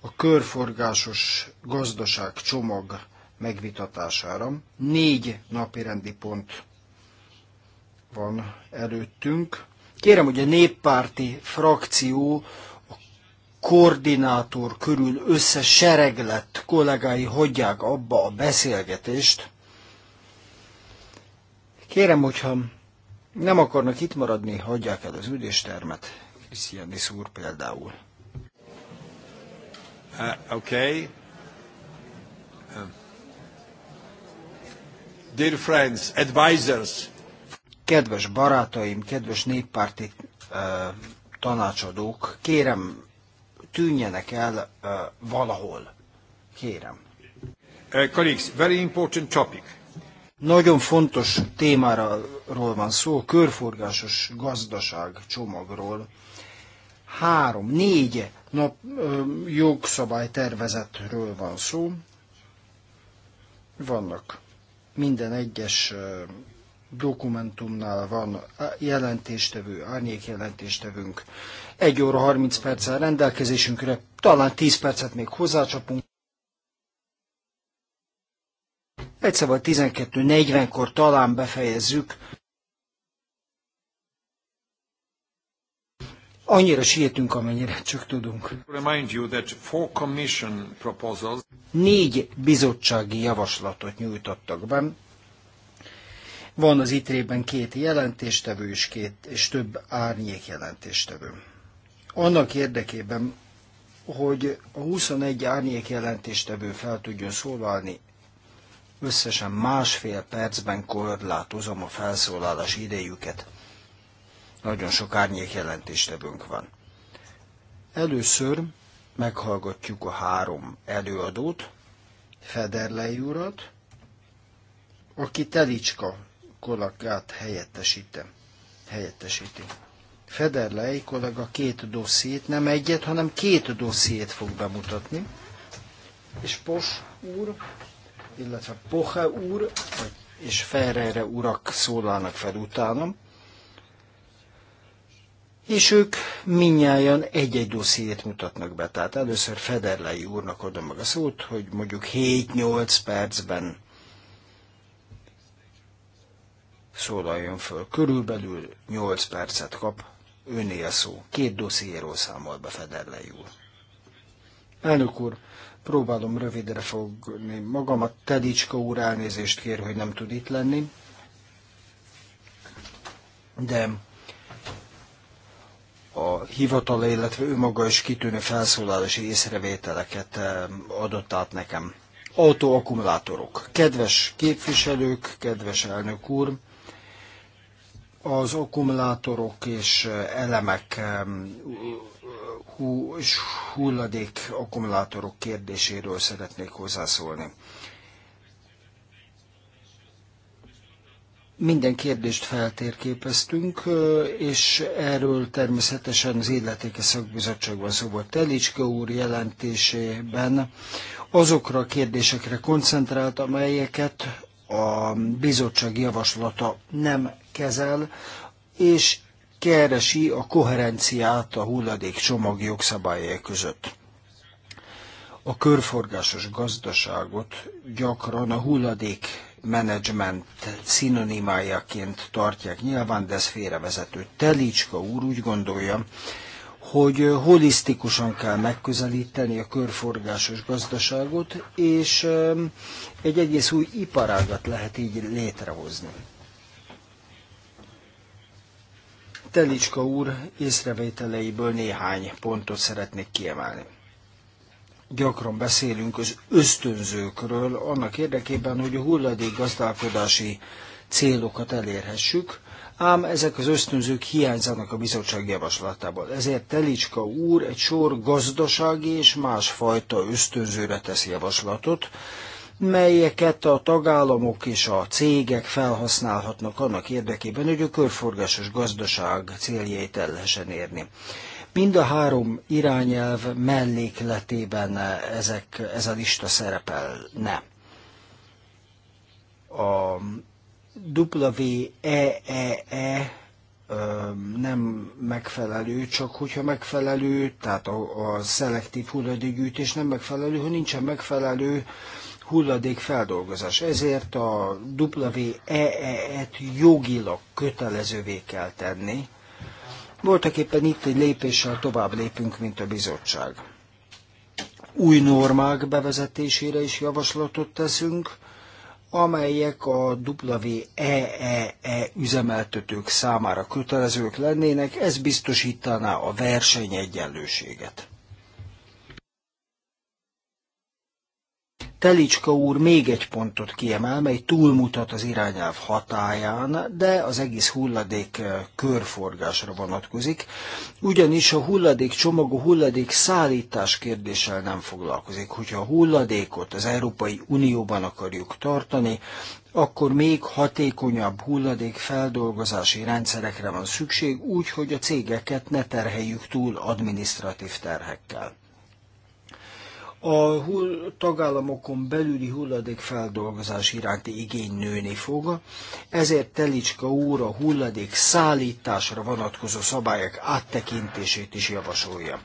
A körforgásos gazdaság csomag megvitatására. Négy napi rendi pont van előttünk. Kérem, hogy a néppárti frakció a koordinátor körül összesereglett kollégái hagyják abba a beszélgetést. Kérem, hogyha nem akarnak itt maradni, hagyják el az üdéstermet. Krisztiánis úr például. Uh, okay. Uh. Dear friends, advisors. Kedves barátaim, kedves néppárti uh, tanácsadók, kérem, tűnjenek el uh, valahol. Kérem. Uh, colleagues, very important topic. Nagyon fontos témáról van szó, a körforgásos gazdaság csomagról. Három, négy nap jogszabálytervezetről van szó. Vannak minden egyes dokumentumnál van jelentéstevő, árnyék jelentéstevünk. egy óra 30 perccel rendelkezésünkre, talán 10 percet még hozzácsapunk. Egyszer vagy 12.40-kor talán befejezzük. Annyira sietünk, amennyire csak tudunk. Négy bizottsági javaslatot nyújtottak be. Van az ITRE-ben két jelentéstevő és, két, és több árnyék jelentéstevő. Annak érdekében, hogy a 21 árnyék jelentéstevő fel tudjon szólalni, Összesen másfél percben korlátozom a felszólalás idejüket. Nagyon sok árnyék jelentéstevünk van. Először meghallgatjuk a három előadót, Federlei urat, aki Telicska kollégát helyettesíti. helyettesíti. Federlei kollega két dossziét, nem egyet, hanem két dossziét fog bemutatni. És Pos úr illetve Poche úr és Ferrere urak szólalnak fel utánam, és ők minnyáján egy-egy dossziét mutatnak be. Tehát először Federlei úrnak adom meg a szót, hogy mondjuk 7-8 percben szólaljon föl. Körülbelül 8 percet kap, öné a szó. Két dossziéról számol be Federlei úr. Elnök úr, Próbálom rövidre fogni magamat. Tedicska úr elnézést kér, hogy nem tud itt lenni. De a hivatal, illetve ő maga is kitűnő felszólalási észrevételeket adott át nekem. Autóakkumulátorok. Kedves képviselők, kedves elnök úr, az akkumulátorok és eh, elemek hú, hulladék akkumulátorok kérdéséről szeretnék hozzászólni. Minden kérdést feltérképeztünk, és erről természetesen az Illetéke Szakbizottságban szóval volt Telicske úr jelentésében. Azokra a kérdésekre koncentrált, amelyeket a bizottság javaslata nem kezel, és keresi a koherenciát a hulladék csomag jogszabályai között. A körforgásos gazdaságot gyakran a hulladék menedzsment szinonimájaként tartják nyilván, de ez félrevezető. Telicska úr úgy gondolja, hogy holisztikusan kell megközelíteni a körforgásos gazdaságot, és um, egy egész új iparágat lehet így létrehozni. Telicska úr észrevételeiből néhány pontot szeretnék kiemelni. Gyakran beszélünk az ösztönzőkről annak érdekében, hogy a hulladék gazdálkodási célokat elérhessük, ám ezek az ösztönzők hiányzanak a bizottság javaslatából. Ezért Telicska úr egy sor gazdasági és másfajta ösztönzőre tesz javaslatot, melyeket a tagállamok és a cégek felhasználhatnak annak érdekében, hogy a körforgásos gazdaság céljait el lehessen érni. Mind a három irányelv mellékletében ezek, ez a lista szerepelne. A WEEE e e, nem megfelelő, csak hogyha megfelelő, tehát a, a szelektív hulladékgyűjtés nem megfelelő, ha nincsen megfelelő hulladék feldolgozás. Ezért a WEE-et jogilag kötelezővé kell tenni. Voltak éppen itt egy lépéssel tovább lépünk, mint a bizottság. Új normák bevezetésére is javaslatot teszünk, amelyek a WEE e e üzemeltetők számára kötelezők lennének, ez biztosítaná a versenyegyenlőséget. Telicska úr még egy pontot kiemel, mely túlmutat az irányelv hatáján, de az egész hulladék körforgásra vonatkozik, ugyanis a hulladék csomag a hulladék szállítás kérdéssel nem foglalkozik. Hogyha a hulladékot az Európai Unióban akarjuk tartani, akkor még hatékonyabb hulladék feldolgozási rendszerekre van szükség, úgy, hogy a cégeket ne terheljük túl adminisztratív terhekkel a hull, tagállamokon belüli hulladékfeldolgozás iránti igény nőni fog, ezért Telicska úr a hulladék szállításra vonatkozó szabályok áttekintését is javasolja.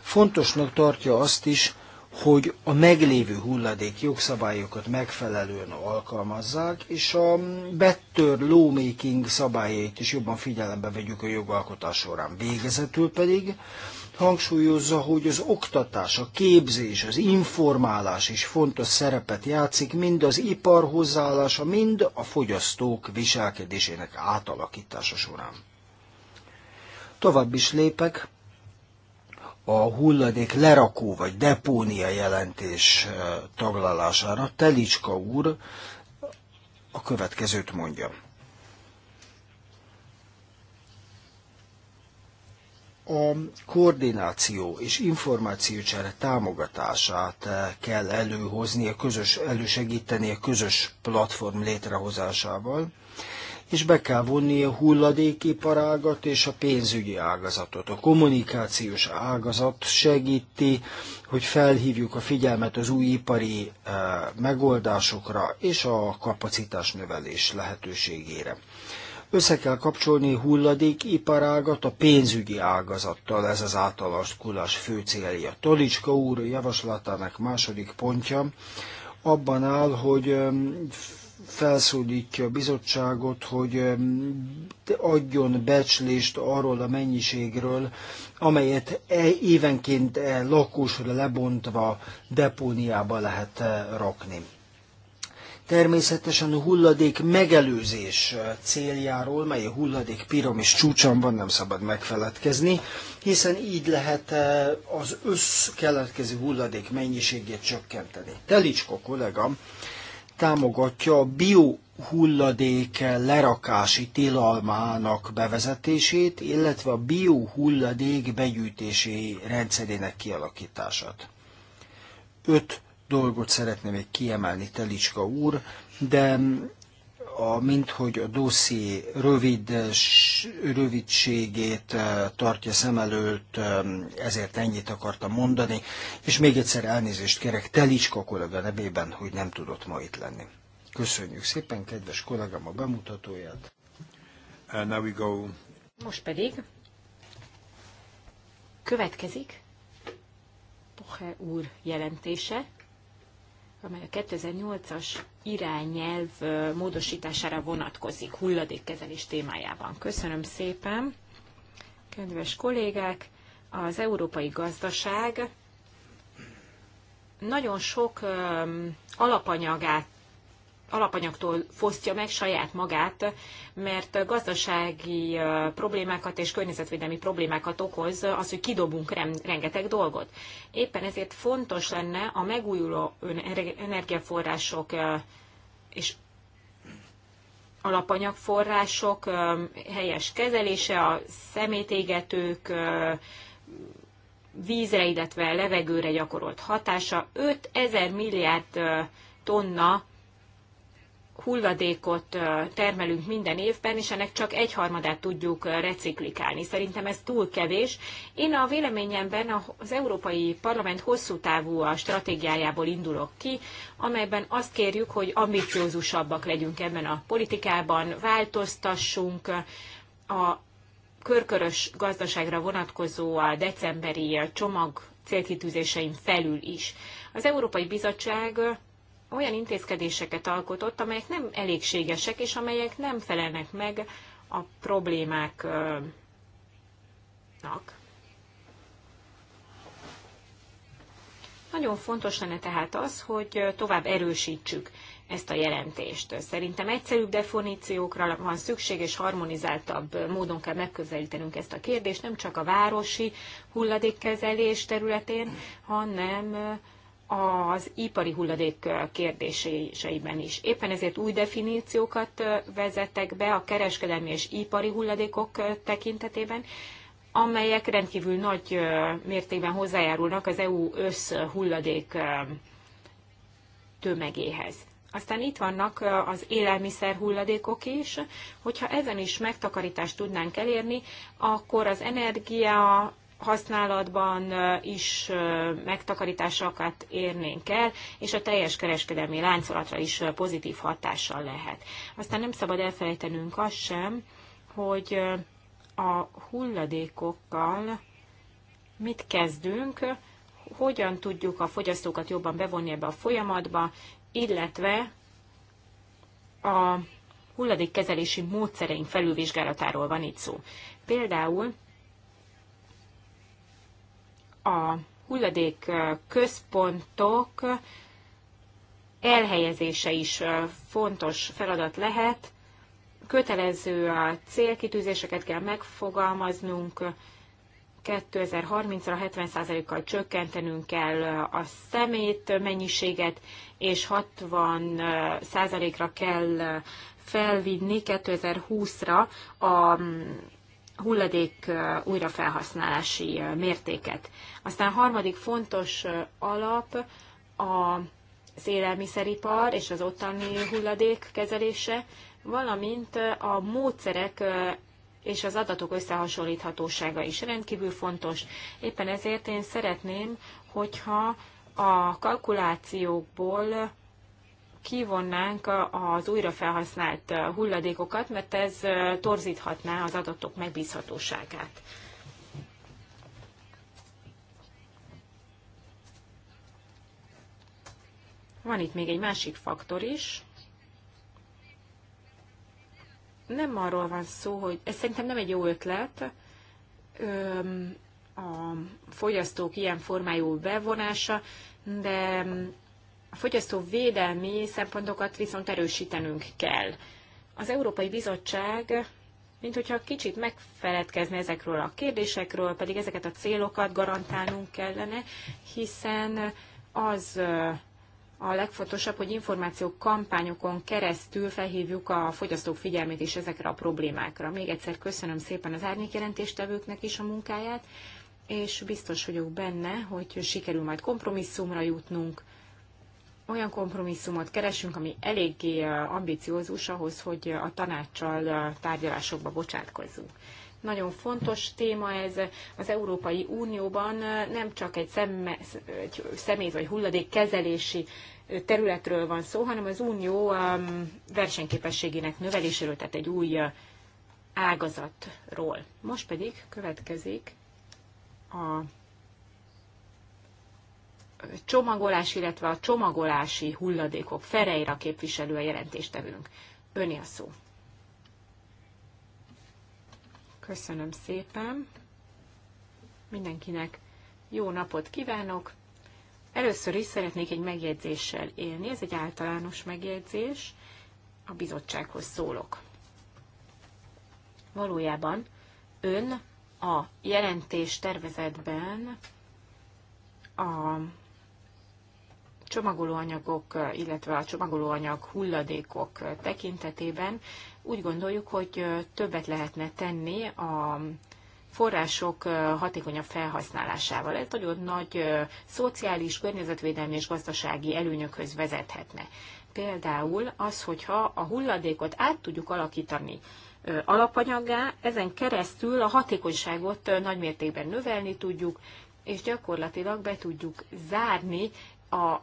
Fontosnak tartja azt is, hogy a meglévő hulladék jogszabályokat megfelelően alkalmazzák, és a better lawmaking szabályait is jobban figyelembe vegyük a jogalkotás során. Végezetül pedig hangsúlyozza, hogy az oktatás, a képzés, az informálás is fontos szerepet játszik, mind az ipar hozzáállása, mind a fogyasztók viselkedésének átalakítása során. Tovább is lépek a hulladék lerakó vagy depónia jelentés eh, taglalására. Telicska úr a következőt mondja a koordináció és információcsere támogatását eh, kell előhozni, a közös, elősegíteni a közös platform létrehozásával, és be kell vonni a hulladékiparágat és a pénzügyi ágazatot. A kommunikációs ágazat segíti, hogy felhívjuk a figyelmet az új ipari eh, megoldásokra és a kapacitás növelés lehetőségére. Össze kell kapcsolni hulladékiparágat a pénzügyi ágazattal, ez az átalakulás fő célja. Tolicska úr javaslatának második pontja abban áll, hogy felszólítja a bizottságot, hogy adjon becslést arról a mennyiségről, amelyet e, évenként e lakósra lebontva depóniába lehet e, rakni. Természetesen a hulladék megelőzés céljáról, mely a hulladék piramis csúcsán van, nem szabad megfeledkezni, hiszen így lehet eh, az összkeletkező hulladék mennyiségét csökkenteni. Telicska kollega támogatja a biohulladék lerakási tilalmának bevezetését, illetve a biohulladék begyűjtési rendszerének kialakítását. Öt dolgot szeretne még kiemelni Telicska úr, de a, mint hogy a dosszié rövid, rövidségét eh, tartja szem előtt, eh, ezért ennyit akartam mondani, és még egyszer elnézést kérek Telicska kollega nevében, hogy nem tudott ma itt lenni. Köszönjük szépen, kedves kollégám, a bemutatóját. And uh, now we go. Most pedig következik Poche úr jelentése, amely a 2008-as irányelv módosítására vonatkozik hulladékkezelés témájában. Köszönöm szépen, kedves kollégák! Az európai gazdaság nagyon sok alapanyagát alapanyagtól fosztja meg saját magát, mert gazdasági problémákat és környezetvédelmi problémákat okoz az, hogy kidobunk rengeteg dolgot. Éppen ezért fontos lenne a megújuló energiaforrások és alapanyagforrások helyes kezelése, a szemétégetők vízre, illetve levegőre gyakorolt hatása 5000 milliárd tonna hulladékot termelünk minden évben, és ennek csak egyharmadát tudjuk reciklikálni. Szerintem ez túl kevés. Én a véleményemben az Európai Parlament hosszú távú a stratégiájából indulok ki, amelyben azt kérjük, hogy ambiciózusabbak legyünk ebben a politikában, változtassunk a körkörös gazdaságra vonatkozó a decemberi csomag célkitűzéseim felül is. Az Európai Bizottság olyan intézkedéseket alkotott, amelyek nem elégségesek, és amelyek nem felelnek meg a problémáknak. Nagyon fontos lenne tehát az, hogy tovább erősítsük ezt a jelentést. Szerintem egyszerűbb definíciókra van szükség, és harmonizáltabb módon kell megközelítenünk ezt a kérdést, nem csak a városi hulladékkezelés területén, hanem az ipari hulladék kérdéseiben is. Éppen ezért új definíciókat vezetek be a kereskedelmi és ipari hulladékok tekintetében, amelyek rendkívül nagy mértékben hozzájárulnak az EU össz hulladék tömegéhez. Aztán itt vannak az élelmiszer hulladékok is, hogyha ezen is megtakarítást tudnánk elérni, akkor az energia használatban is megtakarításokat érnénk el, és a teljes kereskedelmi láncolatra is pozitív hatással lehet. Aztán nem szabad elfelejtenünk azt sem, hogy a hulladékokkal mit kezdünk, hogyan tudjuk a fogyasztókat jobban bevonni ebbe a folyamatba, illetve a hulladékkezelési módszereink felülvizsgálatáról van itt szó. Például a hulladék központok elhelyezése is fontos feladat lehet. Kötelező a célkitűzéseket kell megfogalmaznunk, 2030-ra 70%-kal csökkentenünk kell a szemét mennyiséget, és 60%-ra kell felvinni 2020-ra a hulladék újrafelhasználási mértéket. Aztán a harmadik fontos alap az élelmiszeripar és az ottani hulladék kezelése, valamint a módszerek és az adatok összehasonlíthatósága is rendkívül fontos. Éppen ezért én szeretném, hogyha a kalkulációkból kivonnánk az újra felhasznált hulladékokat, mert ez torzíthatná az adatok megbízhatóságát. Van itt még egy másik faktor is. Nem arról van szó, hogy ez szerintem nem egy jó ötlet, a fogyasztók ilyen formájú bevonása, de a fogyasztó védelmi szempontokat viszont erősítenünk kell. Az Európai Bizottság mint hogyha kicsit megfeledkezne ezekről a kérdésekről, pedig ezeket a célokat garantálnunk kellene, hiszen az a legfontosabb, hogy információ kampányokon keresztül felhívjuk a fogyasztók figyelmét is ezekre a problémákra. Még egyszer köszönöm szépen az árnyékjelentéstevőknek is a munkáját, és biztos vagyok benne, hogy sikerül majd kompromisszumra jutnunk, olyan kompromisszumot keresünk, ami eléggé ambiciózus ahhoz, hogy a tanácssal tárgyalásokba bocsátkozzunk. Nagyon fontos téma ez. Az Európai Unióban nem csak egy, szemme, egy személy vagy hulladékkezelési területről van szó, hanem az unió versenyképességének növeléséről, tehát egy új ágazatról. Most pedig következik a csomagolás, illetve a csomagolási hulladékok. fereira képviselő a jelentéstevőnk. Öni a szó. Köszönöm szépen. Mindenkinek jó napot kívánok. Először is szeretnék egy megjegyzéssel élni. Ez egy általános megjegyzés. A bizottsághoz szólok. Valójában ön a jelentés tervezetben a csomagolóanyagok, illetve a csomagolóanyag hulladékok tekintetében úgy gondoljuk, hogy többet lehetne tenni a források hatékonyabb felhasználásával. Ez nagyon nagy szociális, környezetvédelmi és gazdasági előnyökhöz vezethetne. Például az, hogyha a hulladékot át tudjuk alakítani alapanyaggá, ezen keresztül a hatékonyságot nagymértékben növelni tudjuk, és gyakorlatilag be tudjuk zárni a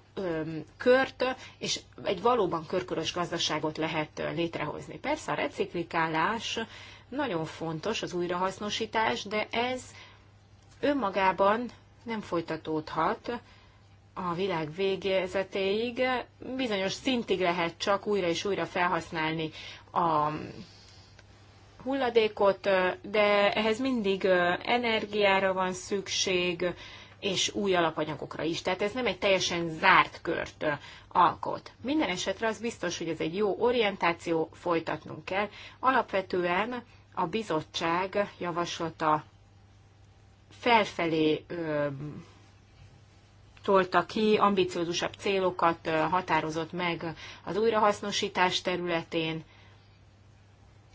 kört, és egy valóban körkörös gazdaságot lehet létrehozni. Persze a reciklikálás nagyon fontos, az újrahasznosítás, de ez önmagában nem folytatódhat a világ végézetéig. Bizonyos szintig lehet csak újra és újra felhasználni a hulladékot, de ehhez mindig energiára van szükség, és új alapanyagokra is. Tehát ez nem egy teljesen zárt kört alkot. Minden esetre az biztos, hogy ez egy jó orientáció, folytatnunk kell. Alapvetően a bizottság javaslata felfelé ö, tolta ki, ambiciózusabb célokat határozott meg az újrahasznosítás területén,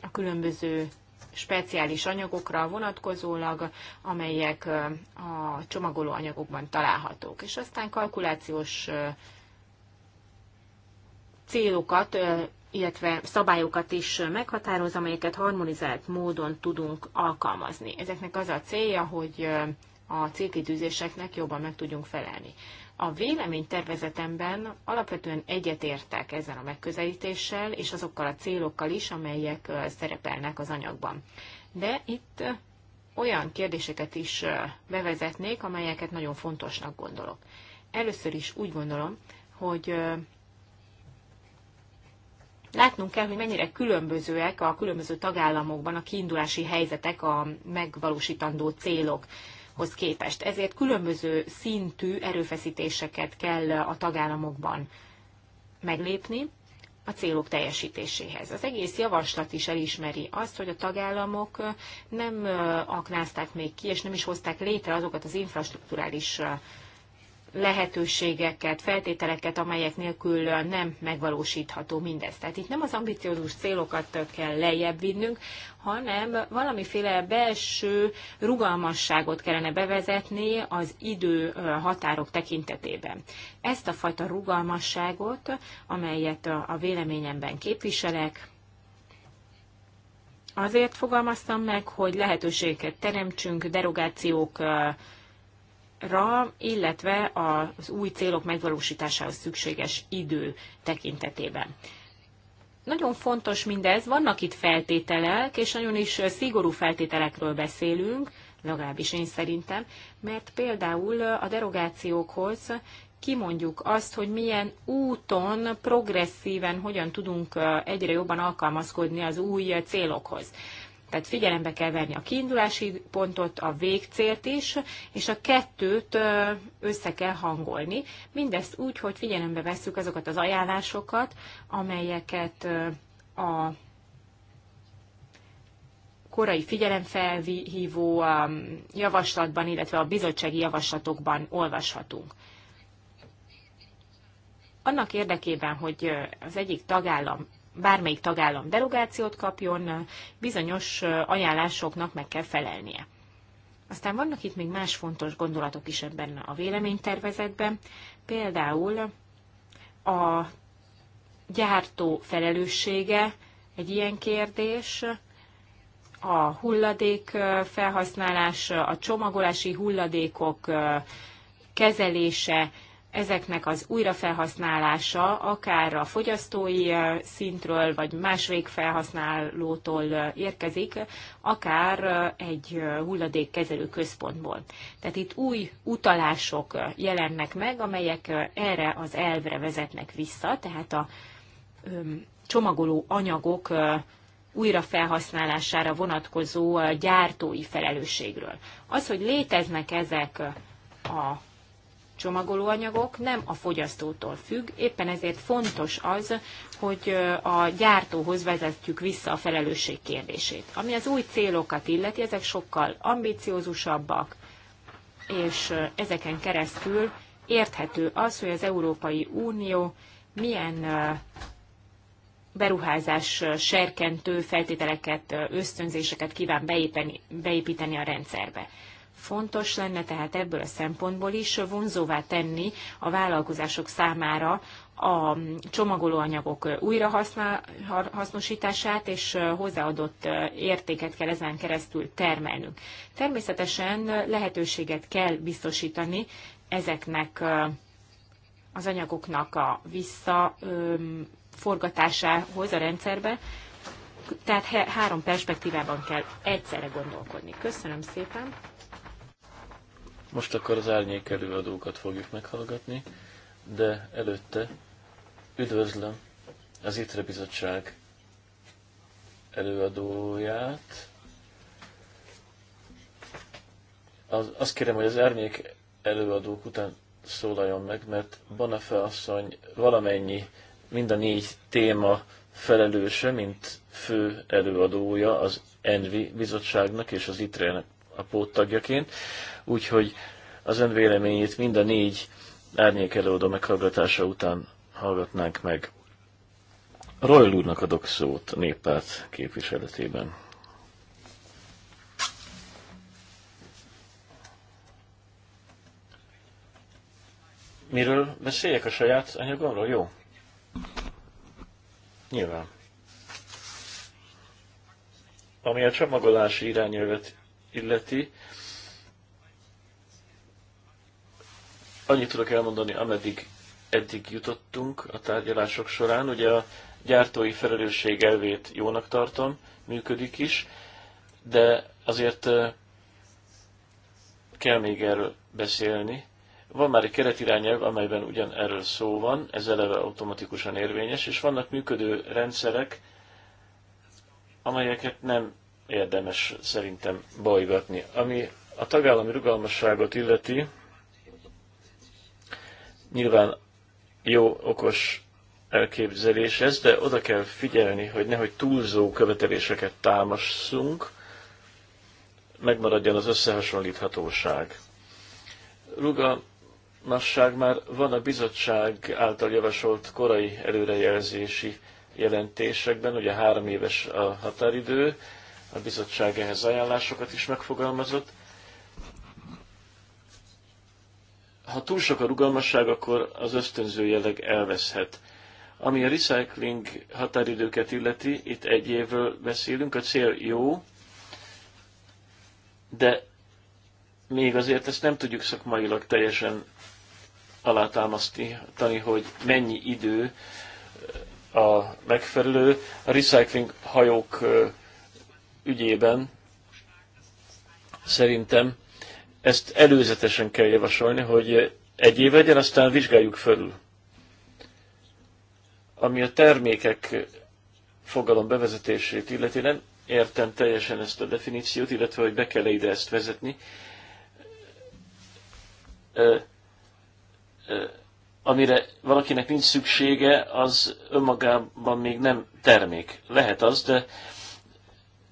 a különböző speciális anyagokra vonatkozólag, amelyek a csomagoló anyagokban találhatók. És aztán kalkulációs célokat, illetve szabályokat is meghatároz, amelyeket harmonizált módon tudunk alkalmazni. Ezeknek az a célja, hogy a célkitűzéseknek jobban meg tudjunk felelni. A véleménytervezetemben alapvetően egyetértek ezzel a megközelítéssel, és azokkal a célokkal is, amelyek szerepelnek az anyagban. De itt olyan kérdéseket is bevezetnék, amelyeket nagyon fontosnak gondolok. Először is úgy gondolom, hogy látnunk kell, hogy mennyire különbözőek a különböző tagállamokban a kiindulási helyzetek, a megvalósítandó célok hoz képest. Ezért különböző szintű erőfeszítéseket kell a tagállamokban meglépni a célok teljesítéséhez. Az egész javaslat is elismeri azt, hogy a tagállamok nem aknázták még ki, és nem is hozták létre azokat az infrastruktúrális lehetőségeket, feltételeket, amelyek nélkül nem megvalósítható mindez. Tehát itt nem az ambiciózus célokat kell lejjebb vinnünk, hanem valamiféle belső rugalmasságot kellene bevezetni az idő határok tekintetében. Ezt a fajta rugalmasságot, amelyet a véleményemben képviselek, azért fogalmaztam meg, hogy lehetőséget teremtsünk derogációk ra, illetve az új célok megvalósításához szükséges idő tekintetében. Nagyon fontos mindez, vannak itt feltételek, és nagyon is szigorú feltételekről beszélünk, legalábbis én szerintem, mert például a derogációkhoz kimondjuk azt, hogy milyen úton, progresszíven hogyan tudunk egyre jobban alkalmazkodni az új célokhoz. Tehát figyelembe kell venni a kiindulási pontot, a végcélt is, és a kettőt össze kell hangolni. Mindezt úgy, hogy figyelembe vesszük azokat az ajánlásokat, amelyeket a korai figyelemfelhívó javaslatban, illetve a bizottsági javaslatokban olvashatunk. Annak érdekében, hogy az egyik tagállam bármelyik tagállam derogációt kapjon, bizonyos ajánlásoknak meg kell felelnie. Aztán vannak itt még más fontos gondolatok is ebben a véleménytervezetben, például a gyártó felelőssége egy ilyen kérdés, a hulladék felhasználás, a csomagolási hulladékok kezelése, ezeknek az újrafelhasználása akár a fogyasztói szintről, vagy más végfelhasználótól érkezik, akár egy hulladékkezelő központból. Tehát itt új utalások jelennek meg, amelyek erre az elvre vezetnek vissza, tehát a csomagoló anyagok újrafelhasználására vonatkozó gyártói felelősségről. Az, hogy léteznek ezek a csomagolóanyagok nem a fogyasztótól függ, éppen ezért fontos az, hogy a gyártóhoz vezetjük vissza a felelősség kérdését. Ami az új célokat illeti, ezek sokkal ambiciózusabbak, és ezeken keresztül érthető az, hogy az Európai Unió milyen beruházás serkentő feltételeket, ösztönzéseket kíván beépíteni a rendszerbe fontos lenne tehát ebből a szempontból is vonzóvá tenni a vállalkozások számára a csomagolóanyagok újrahasznosítását és hozzáadott értéket kell ezen keresztül termelnünk. Természetesen lehetőséget kell biztosítani ezeknek az anyagoknak a visszaforgatásához a rendszerbe, tehát három perspektívában kell egyszerre gondolkodni. Köszönöm szépen! Most akkor az árnyék előadókat fogjuk meghallgatni, de előtte üdvözlöm az ITRE Bizottság előadóját. Az, azt kérem, hogy az árnyék előadók után szólaljon meg, mert Banafe asszony valamennyi, mind a négy téma felelőse, mint fő előadója az Envi bizottságnak és az ITRE-nek a póttagjaként, úgyhogy az ön véleményét mind a négy árnyék előadó meghallgatása után hallgatnánk meg. Royal úrnak adok szót a néppárt képviseletében. Miről beszéljek a saját anyagomról? Jó. Nyilván. Ami a csomagolási irányelvet illeti, annyit tudok elmondani, ameddig eddig jutottunk a tárgyalások során. Ugye a gyártói felelősség elvét jónak tartom, működik is, de azért kell még erről beszélni. Van már egy keretirányelv, amelyben ugyan erről szó van, ez eleve automatikusan érvényes, és vannak működő rendszerek, amelyeket nem érdemes szerintem bolygatni. Ami a tagállami rugalmasságot illeti, nyilván jó, okos elképzelés ez, de oda kell figyelni, hogy nehogy túlzó követeléseket támaszunk, megmaradjon az összehasonlíthatóság. Rugalmasság már van a bizottság által javasolt korai előrejelzési jelentésekben, ugye három éves a határidő, a bizottság ehhez ajánlásokat is megfogalmazott. Ha túl sok a rugalmasság, akkor az ösztönző jelleg elveszhet. Ami a recycling határidőket illeti, itt egy évről beszélünk, a cél jó, de még azért ezt nem tudjuk szakmailag teljesen alátámasztani, hogy mennyi idő a megfelelő. A recycling hajók ügyében szerintem ezt előzetesen kell javasolni, hogy egy év legyen, aztán vizsgáljuk fölül. Ami a termékek fogalom bevezetését illeti, nem értem teljesen ezt a definíciót, illetve hogy be kell -e ide ezt vezetni. Amire valakinek nincs szüksége, az önmagában még nem termék. Lehet az, de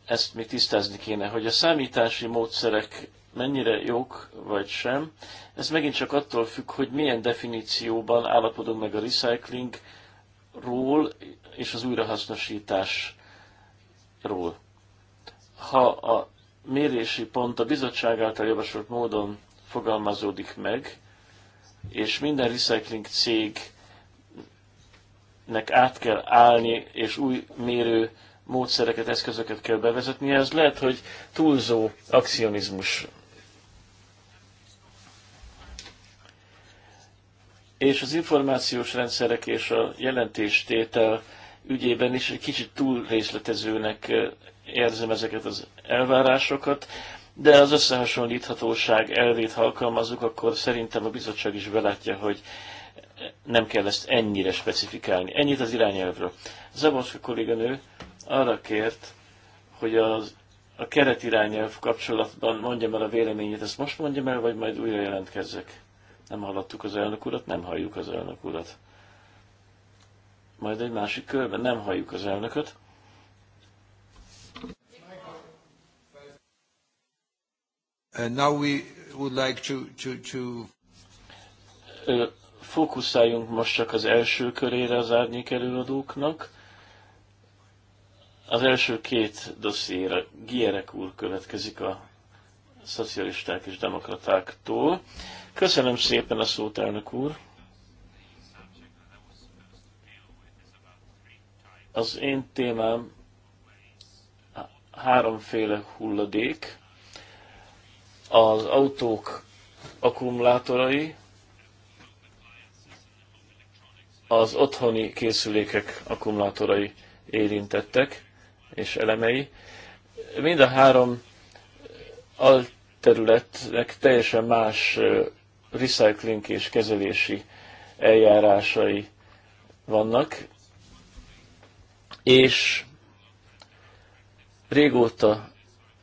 ezt még tisztázni kéne, hogy a számítási módszerek mennyire jók vagy sem, ez megint csak attól függ, hogy milyen definícióban állapodunk meg a recyclingról és az újrahasznosításról. Ha a mérési pont a bizottság által javasolt módon fogalmazódik meg, és minden recycling cégnek át kell állni, és új mérő módszereket, eszközöket kell bevezetni. Ez lehet, hogy túlzó akcionizmus. És az információs rendszerek és a jelentéstétel ügyében is egy kicsit túl részletezőnek eh, érzem ezeket az elvárásokat, de az összehasonlíthatóság elvét, ha alkalmazzuk, akkor szerintem a bizottság is belátja, hogy nem kell ezt ennyire specifikálni. Ennyit az irányelvről. Zaborska kolléganő arra kért, hogy az, a keretirányelv kapcsolatban mondjam el a véleményét, ezt most mondjam el, vagy majd újra jelentkezzek. Nem hallottuk az elnök urat, nem halljuk az elnök urat. Majd egy másik körben nem halljuk az elnököt. And now we would like to, to, to... Fókuszáljunk most csak az első körére az árnyék előadóknak az első két dossziéra Gierek úr következik a szocialisták és demokratáktól. Köszönöm szépen a szót, elnök úr! Az én témám háromféle hulladék, az autók akkumulátorai, az otthoni készülékek akkumulátorai érintettek és elemei. Mind a három alterületnek teljesen más recycling és kezelési eljárásai vannak, és régóta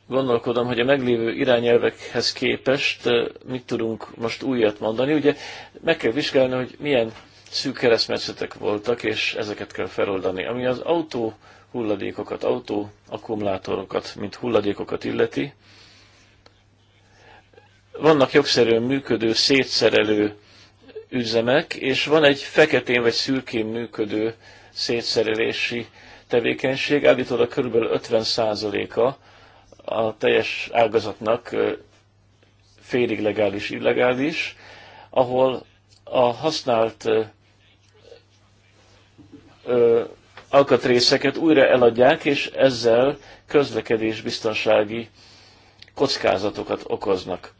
gondolkodom, hogy a meglévő irányelvekhez képest mit tudunk most újat mondani. Ugye meg kell vizsgálni, hogy milyen szűk keresztmetszetek voltak, és ezeket kell feloldani. Ami az autó hulladékokat, autó akkumulátorokat, mint hulladékokat illeti. Vannak jogszerűen működő, szétszerelő üzemek, és van egy feketén vagy szürkén működő szétszerelési tevékenység. Állítólag kb. 50%-a a teljes ágazatnak félig legális, illegális, ahol a használt alkatrészeket újra eladják, és ezzel közlekedésbiztonsági kockázatokat okoznak.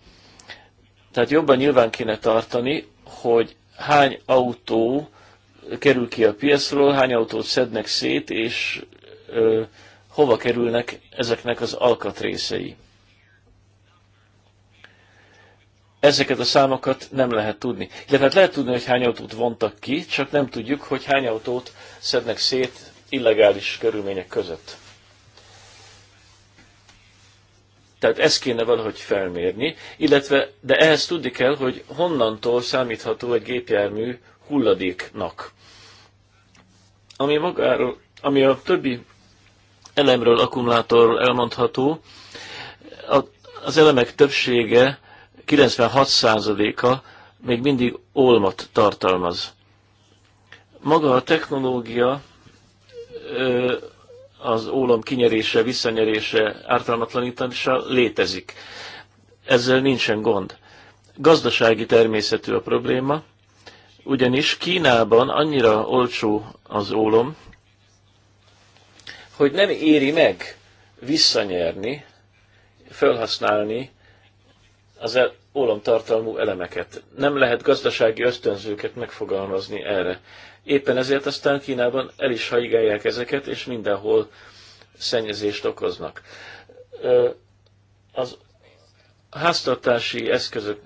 Tehát jobban nyilván kéne tartani, hogy hány autó kerül ki a piacról, hány autót szednek szét, és ö, hova kerülnek ezeknek az alkatrészei. ezeket a számokat nem lehet tudni. Illetve hát lehet tudni, hogy hány autót vontak ki, csak nem tudjuk, hogy hány autót szednek szét illegális körülmények között. Tehát ezt kéne valahogy felmérni, illetve, de ehhez tudni kell, hogy honnantól számítható egy gépjármű hulladéknak. Ami magáról, ami a többi elemről, akkumulátorról elmondható, az elemek többsége 96%-a még mindig olmat tartalmaz. Maga a technológia az ólom kinyerése, visszanyerése, ártalmatlanítása létezik. Ezzel nincsen gond. Gazdasági természetű a probléma, ugyanis Kínában annyira olcsó az ólom, hogy nem éri meg visszanyerni, felhasználni az el, tartalmú elemeket. Nem lehet gazdasági ösztönzőket megfogalmazni erre. Éppen ezért aztán Kínában el is haigálják ezeket, és mindenhol szennyezést okoznak. Az háztartási eszközök,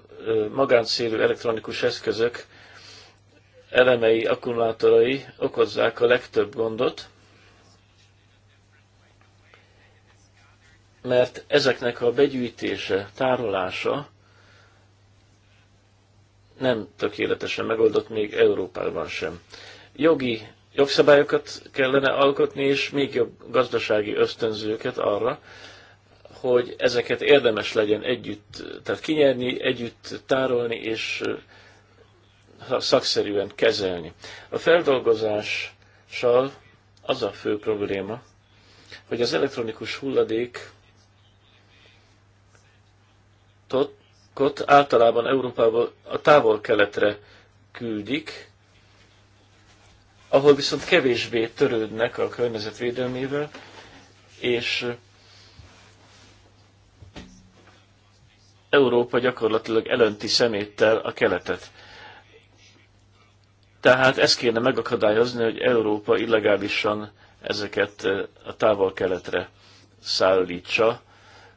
magáncélű elektronikus eszközök elemei, akkumulátorai okozzák a legtöbb gondot, mert ezeknek a begyűjtése, tárolása nem tökéletesen megoldott még Európában sem. Jogi jogszabályokat kellene alkotni, és még jobb gazdasági ösztönzőket arra, hogy ezeket érdemes legyen együtt, tehát kinyerni, együtt tárolni és szakszerűen kezelni. A feldolgozással az a fő probléma, hogy az elektronikus hulladék általában Európából a távol-keletre küldik, ahol viszont kevésbé törődnek a környezetvédelmével, és Európa gyakorlatilag elönti szeméttel a keletet. Tehát ezt kéne megakadályozni, hogy Európa illegálisan ezeket a távol-keletre szállítsa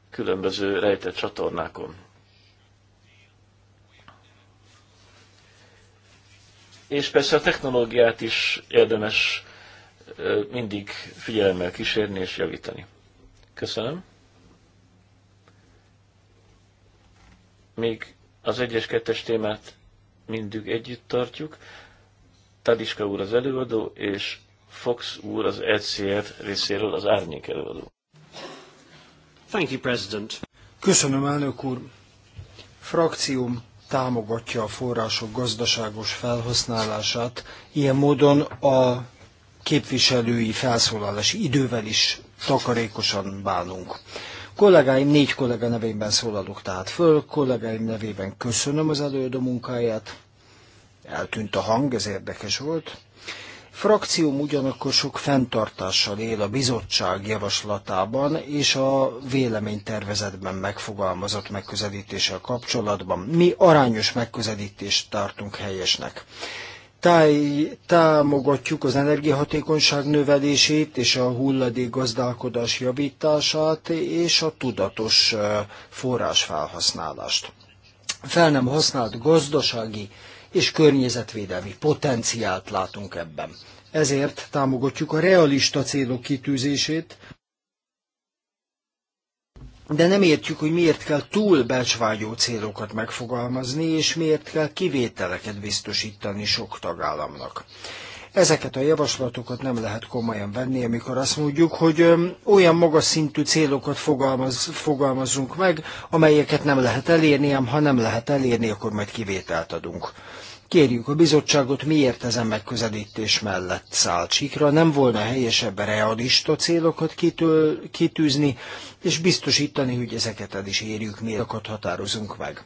különböző rejtett csatornákon. és persze a technológiát is érdemes mindig figyelemmel kísérni és javítani. Köszönöm. Még az egyes kettes témát mindig együtt tartjuk. Tadiska úr az előadó, és Fox úr az ECR részéről az árnyék előadó. Thank you, President. Köszönöm, elnök úr. Frakcióm támogatja a források gazdaságos felhasználását, ilyen módon a képviselői felszólalás idővel is takarékosan bánunk. Kollégáim, négy kollega nevében szólalok tehát föl, kollégáim nevében köszönöm az előadó munkáját, eltűnt a hang, ez érdekes volt. Frakcióm ugyanakkor sok fenntartással él a bizottság javaslatában és a véleménytervezetben megfogalmazott megközelítéssel kapcsolatban. Mi arányos megközelítést tartunk helyesnek. Táj, támogatjuk az energiahatékonyság növelését és a hulladék gazdálkodás javítását és a tudatos forrásfelhasználást. Fel nem használt gazdasági és környezetvédelmi potenciált látunk ebben. Ezért támogatjuk a realista célok kitűzését, de nem értjük, hogy miért kell túl becsvágyó célokat megfogalmazni, és miért kell kivételeket biztosítani sok tagállamnak. Ezeket a javaslatokat nem lehet komolyan venni, amikor azt mondjuk, hogy olyan magas szintű célokat fogalmaz, fogalmazunk meg, amelyeket nem lehet elérni, ám ha nem lehet elérni, akkor majd kivételt adunk. Kérjük a bizottságot, miért ezen megközelítés mellett száll csíkra, nem volna helyesebb realista célokat kitől, kitűzni, és biztosítani, hogy ezeket el is érjük, miért határozunk meg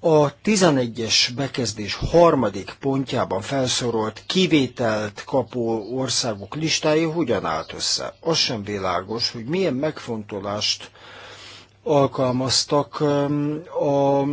a 11-es bekezdés harmadik pontjában felsorolt kivételt kapó országok listája hogyan állt össze? Az sem világos, hogy milyen megfontolást alkalmaztak a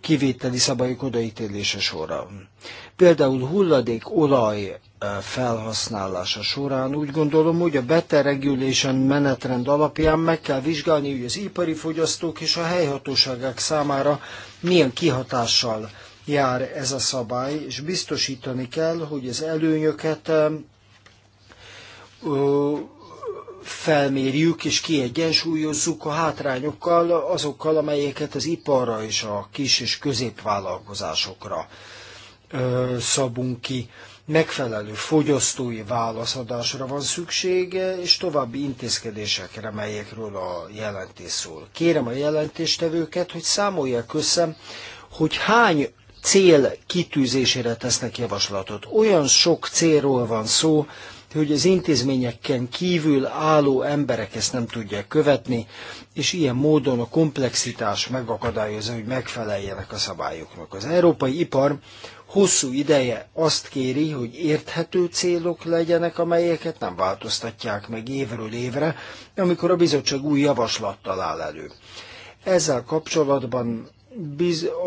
kivételi szabályok odaítélése során. Például hulladék, olaj, felhasználása során. Úgy gondolom, hogy a Better Regulation menetrend alapján meg kell vizsgálni, hogy az ipari fogyasztók és a helyhatóságok számára milyen kihatással jár ez a szabály, és biztosítani kell, hogy az előnyöket felmérjük és kiegyensúlyozzuk a hátrányokkal, azokkal, amelyeket az iparra és a kis és középvállalkozásokra szabunk ki megfelelő fogyasztói válaszadásra van szüksége, és további intézkedésekre, melyekről a jelentés szól. Kérem a jelentéstevőket, hogy számolják össze, hogy hány cél kitűzésére tesznek javaslatot. Olyan sok célról van szó, hogy az intézményekken kívül álló emberek ezt nem tudják követni, és ilyen módon a komplexitás megakadályozza, hogy megfeleljenek a szabályoknak. Az európai ipar hosszú ideje azt kéri, hogy érthető célok legyenek, amelyeket nem változtatják meg évről évre, amikor a bizottság új javaslattal áll elő. Ezzel kapcsolatban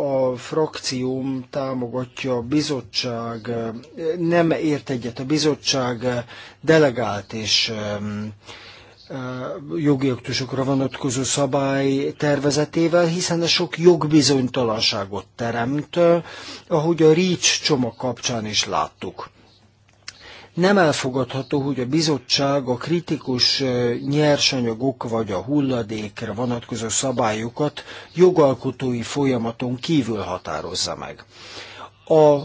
a frakcióm támogatja a bizottság, nem ért egyet a bizottság delegált és jogi aktusokra vonatkozó szabály tervezetével, hiszen ez sok jogbizonytalanságot teremt, ahogy a REACH csomag kapcsán is láttuk. Nem elfogadható, hogy a bizottság a kritikus nyersanyagok vagy a hulladékra vonatkozó szabályokat jogalkotói folyamaton kívül határozza meg. A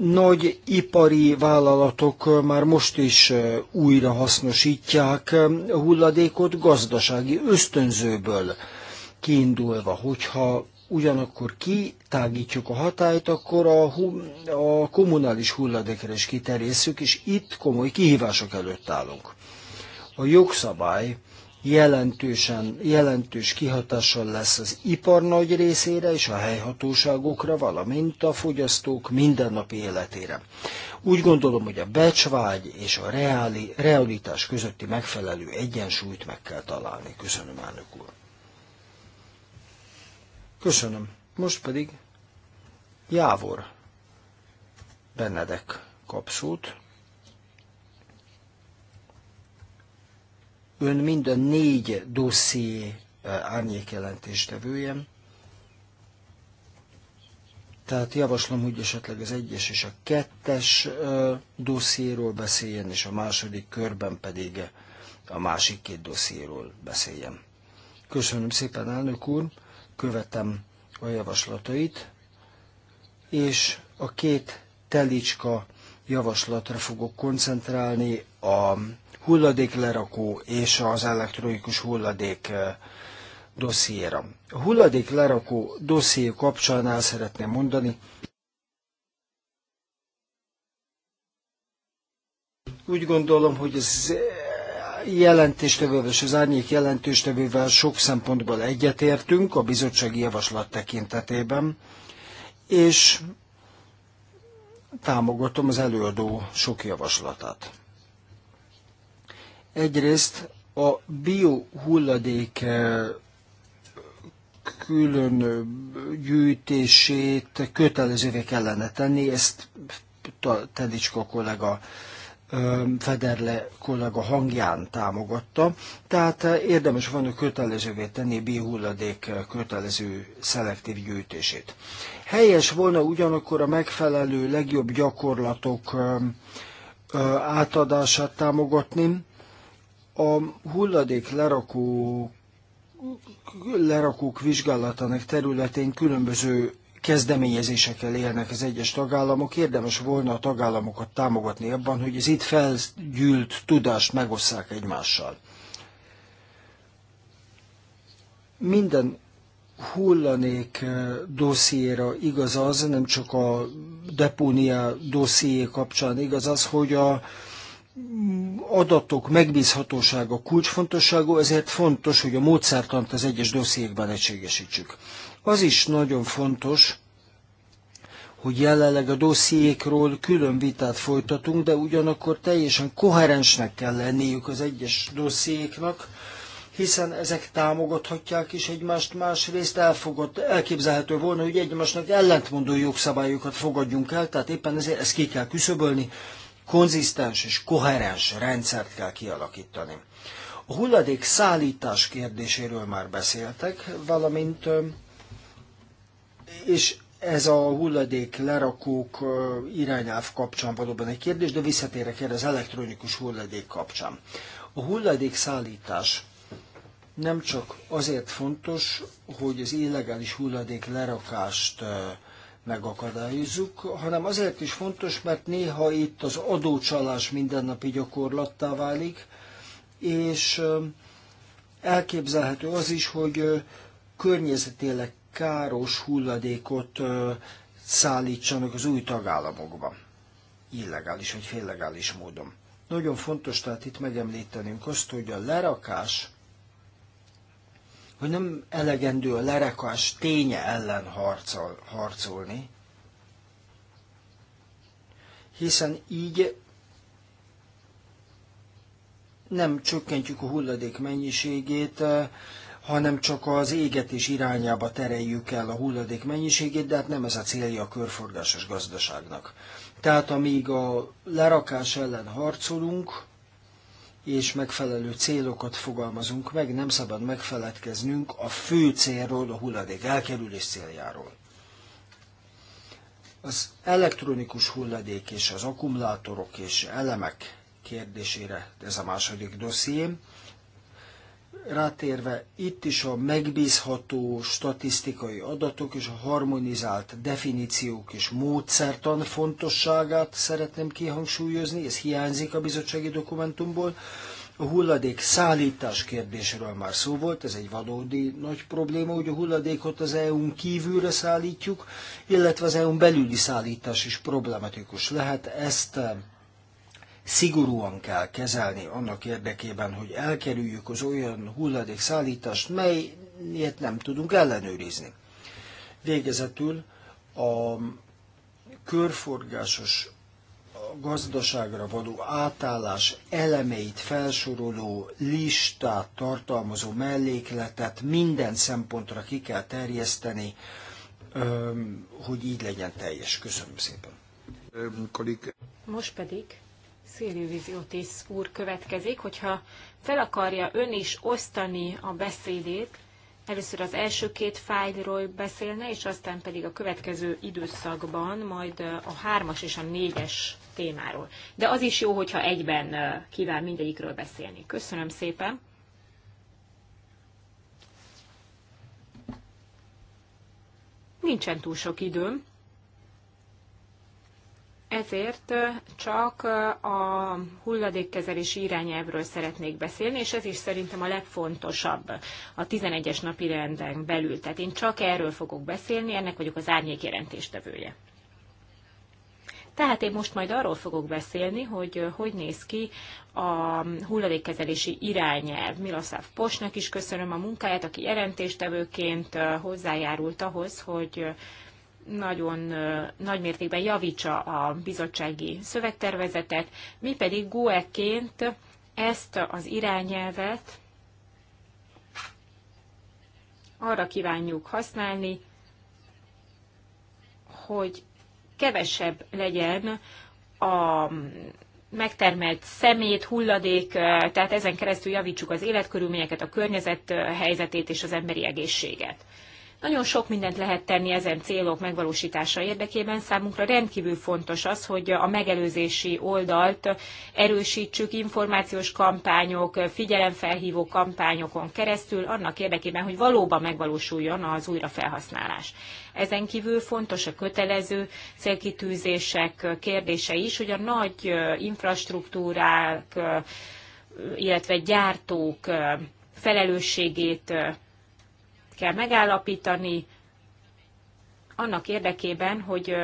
nagy ipari vállalatok már most is újra hasznosítják a hulladékot gazdasági ösztönzőből kiindulva, hogyha ugyanakkor kitágítjuk a hatályt, akkor a, a kommunális hulladékre is kiterjesszük, és itt komoly kihívások előtt állunk. A jogszabály jelentősen, jelentős kihatással lesz az ipar nagy részére és a helyhatóságokra, valamint a fogyasztók mindennapi életére. Úgy gondolom, hogy a becsvágy és a reáli, realitás közötti megfelelő egyensúlyt meg kell találni. Köszönöm, elnök úr. Köszönöm. Most pedig Jávor Benedek kapszót. Ön mind a négy dosszié árnyék jelentéstevője. Tehát javaslom, hogy esetleg az egyes és a kettes dossziéról beszéljen, és a második körben pedig a másik két dossziéról beszéljen. Köszönöm szépen, elnök úr, követem a javaslatait, és a két telicska javaslatra fogok koncentrálni, a hulladéklerakó és az elektronikus hulladék eh, dossziéra. A hulladéklerakó dosszié kapcsán el szeretném mondani, úgy gondolom, hogy ez eh, jelentéstevővel és az árnyék jelentéstevővel sok szempontból egyetértünk a bizottsági javaslat tekintetében, és támogatom az előadó sok javaslatát. Egyrészt a biohulladék eh, külön eh, gyűjtését kötelezővé kellene tenni, ezt Tedicska kollega eh, Federle kollega hangján támogatta. Tehát érdemes van, hogy kötelezővé tenni biohulladék kötelező szelektív gyűjtését. Helyes volna ugyanakkor a megfelelő legjobb gyakorlatok um, uh, átadását támogatni. A hulladék lerakó lerakók vizsgálatának területén különböző kezdeményezésekkel élnek az egyes tagállamok. Érdemes volna a tagállamokat támogatni abban, hogy az itt felgyűlt tudást megosszák egymással. Minden hullanék eh, dossziéra igaz az, nem csak a depónia dosszié kapcsán igaz az, hogy a mm, adatok megbízhatósága kulcsfontosságú, ezért fontos, hogy a módszertant az egyes dossziékben egységesítsük. Az is nagyon fontos, hogy jelenleg a dossziékról külön vitát folytatunk, de ugyanakkor teljesen koherensnek kell lenniük az egyes dossziéknak, hiszen ezek támogathatják is egymást, másrészt elfogott, elképzelhető volna, hogy egymásnak ellentmondó jogszabályokat fogadjunk el, tehát éppen ezért ezt ki kell küszöbölni, konzisztens és koherens rendszert kell kialakítani. A hulladék szállítás kérdéséről már beszéltek, valamint és ez a hulladék lerakók irányáv kapcsán valóban egy kérdés, de visszatérek erre az elektronikus hulladék kapcsán. A hulladék szállítás nem csak azért fontos, hogy az illegális hulladék lerakást megakadályozzuk, hanem azért is fontos, mert néha itt az adócsalás mindennapi gyakorlattá válik, és elképzelhető az is, hogy környezetileg káros hulladékot szállítsanak az új tagállamokba. Illegális vagy féllegális módon. Nagyon fontos tehát itt megemlítenünk azt, hogy a lerakás hogy nem elegendő a lerakás ténye ellen harcol, harcolni, hiszen így nem csökkentjük a hulladék mennyiségét, eh, hanem csak az égetés irányába tereljük el a hulladék mennyiségét, de hát nem ez a célja a körforgásos gazdaságnak. Tehát amíg a lerakás ellen harcolunk, és megfelelő célokat fogalmazunk meg, nem szabad megfeledkeznünk a fő célról, a hulladék elkerülés céljáról. Az elektronikus hulladék és az akkumulátorok és elemek kérdésére, ez a második dossziém, Rátérve itt is a megbízható statisztikai adatok és a harmonizált definíciók és módszertan fontosságát szeretném kihangsúlyozni, ez hiányzik a bizottsági dokumentumból. A hulladék szállítás kérdéséről már szó volt, ez egy valódi nagy probléma, hogy a hulladékot az EU-n kívülre szállítjuk, illetve az EU-n belüli szállítás is problematikus lehet. Ezt szigorúan kell kezelni annak érdekében, hogy elkerüljük az olyan szállítást, melyet nem tudunk ellenőrizni. Végezetül a körforgásos gazdaságra való átállás elemeit felsoroló listát tartalmazó mellékletet minden szempontra ki kell terjeszteni, hogy így legyen teljes. Köszönöm szépen. Most pedig Szilviziotis úr következik, hogyha fel akarja ön is osztani a beszédét, először az első két fájlról beszélne, és aztán pedig a következő időszakban majd a hármas és a négyes témáról. De az is jó, hogyha egyben kíván mindegyikről beszélni. Köszönöm szépen! Nincsen túl sok időm, ezért csak a hulladékkezelési irányelvről szeretnék beszélni, és ez is szerintem a legfontosabb a 11-es napi renden belül. Tehát én csak erről fogok beszélni, ennek vagyok az árnyék jelentéstevője. Tehát én most majd arról fogok beszélni, hogy hogy néz ki a hulladékkezelési irányelv. Miroslav Posnak is köszönöm a munkáját, aki jelentéstevőként hozzájárult ahhoz, hogy nagyon nagy mértékben javítsa a bizottsági szövegtervezetet, mi pedig GUE-ként ezt az irányelvet arra kívánjuk használni, hogy kevesebb legyen a megtermelt szemét, hulladék, tehát ezen keresztül javítsuk az életkörülményeket, a környezet helyzetét és az emberi egészséget. Nagyon sok mindent lehet tenni ezen célok megvalósítása érdekében. Számunkra rendkívül fontos az, hogy a megelőzési oldalt erősítsük információs kampányok, figyelemfelhívó kampányokon keresztül, annak érdekében, hogy valóban megvalósuljon az újrafelhasználás. Ezen kívül fontos a kötelező célkitűzések kérdése is, hogy a nagy infrastruktúrák, illetve gyártók felelősségét kell megállapítani, annak érdekében, hogy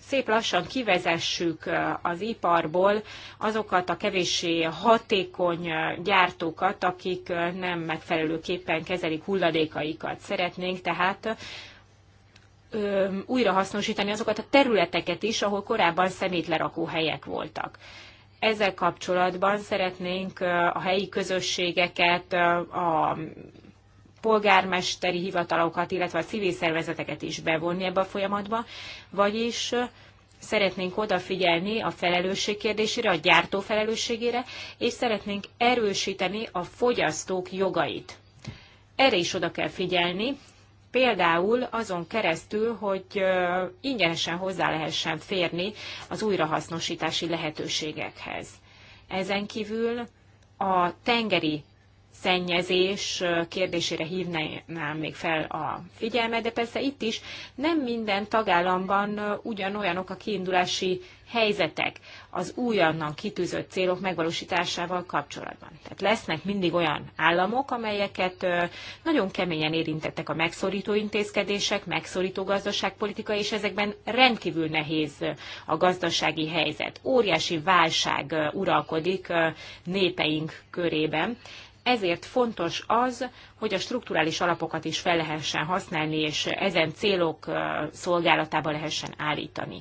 szép lassan kivezessük az iparból azokat a kevéssé hatékony gyártókat, akik nem megfelelőképpen kezelik hulladékaikat. Szeretnénk tehát újrahasznosítani azokat a területeket is, ahol korábban szemétlerakó helyek voltak. Ezzel kapcsolatban szeretnénk a helyi közösségeket, a polgármesteri hivatalokat, illetve a civil szervezeteket is bevonni ebbe a folyamatba, vagyis szeretnénk odafigyelni a felelősség kérdésére, a gyártó felelősségére, és szeretnénk erősíteni a fogyasztók jogait. Erre is oda kell figyelni, például azon keresztül, hogy ingyenesen hozzá lehessen férni az újrahasznosítási lehetőségekhez. Ezen kívül a tengeri szennyezés kérdésére hívnám még fel a figyelmet, de persze itt is nem minden tagállamban ugyanolyanok a kiindulási helyzetek az újonnan kitűzött célok megvalósításával kapcsolatban. Tehát lesznek mindig olyan államok, amelyeket nagyon keményen érintettek a megszorító intézkedések, megszorító gazdaságpolitika, és ezekben rendkívül nehéz a gazdasági helyzet. Óriási válság uralkodik népeink körében, ezért fontos az, hogy a strukturális alapokat is fel lehessen használni, és ezen célok szolgálatába lehessen állítani.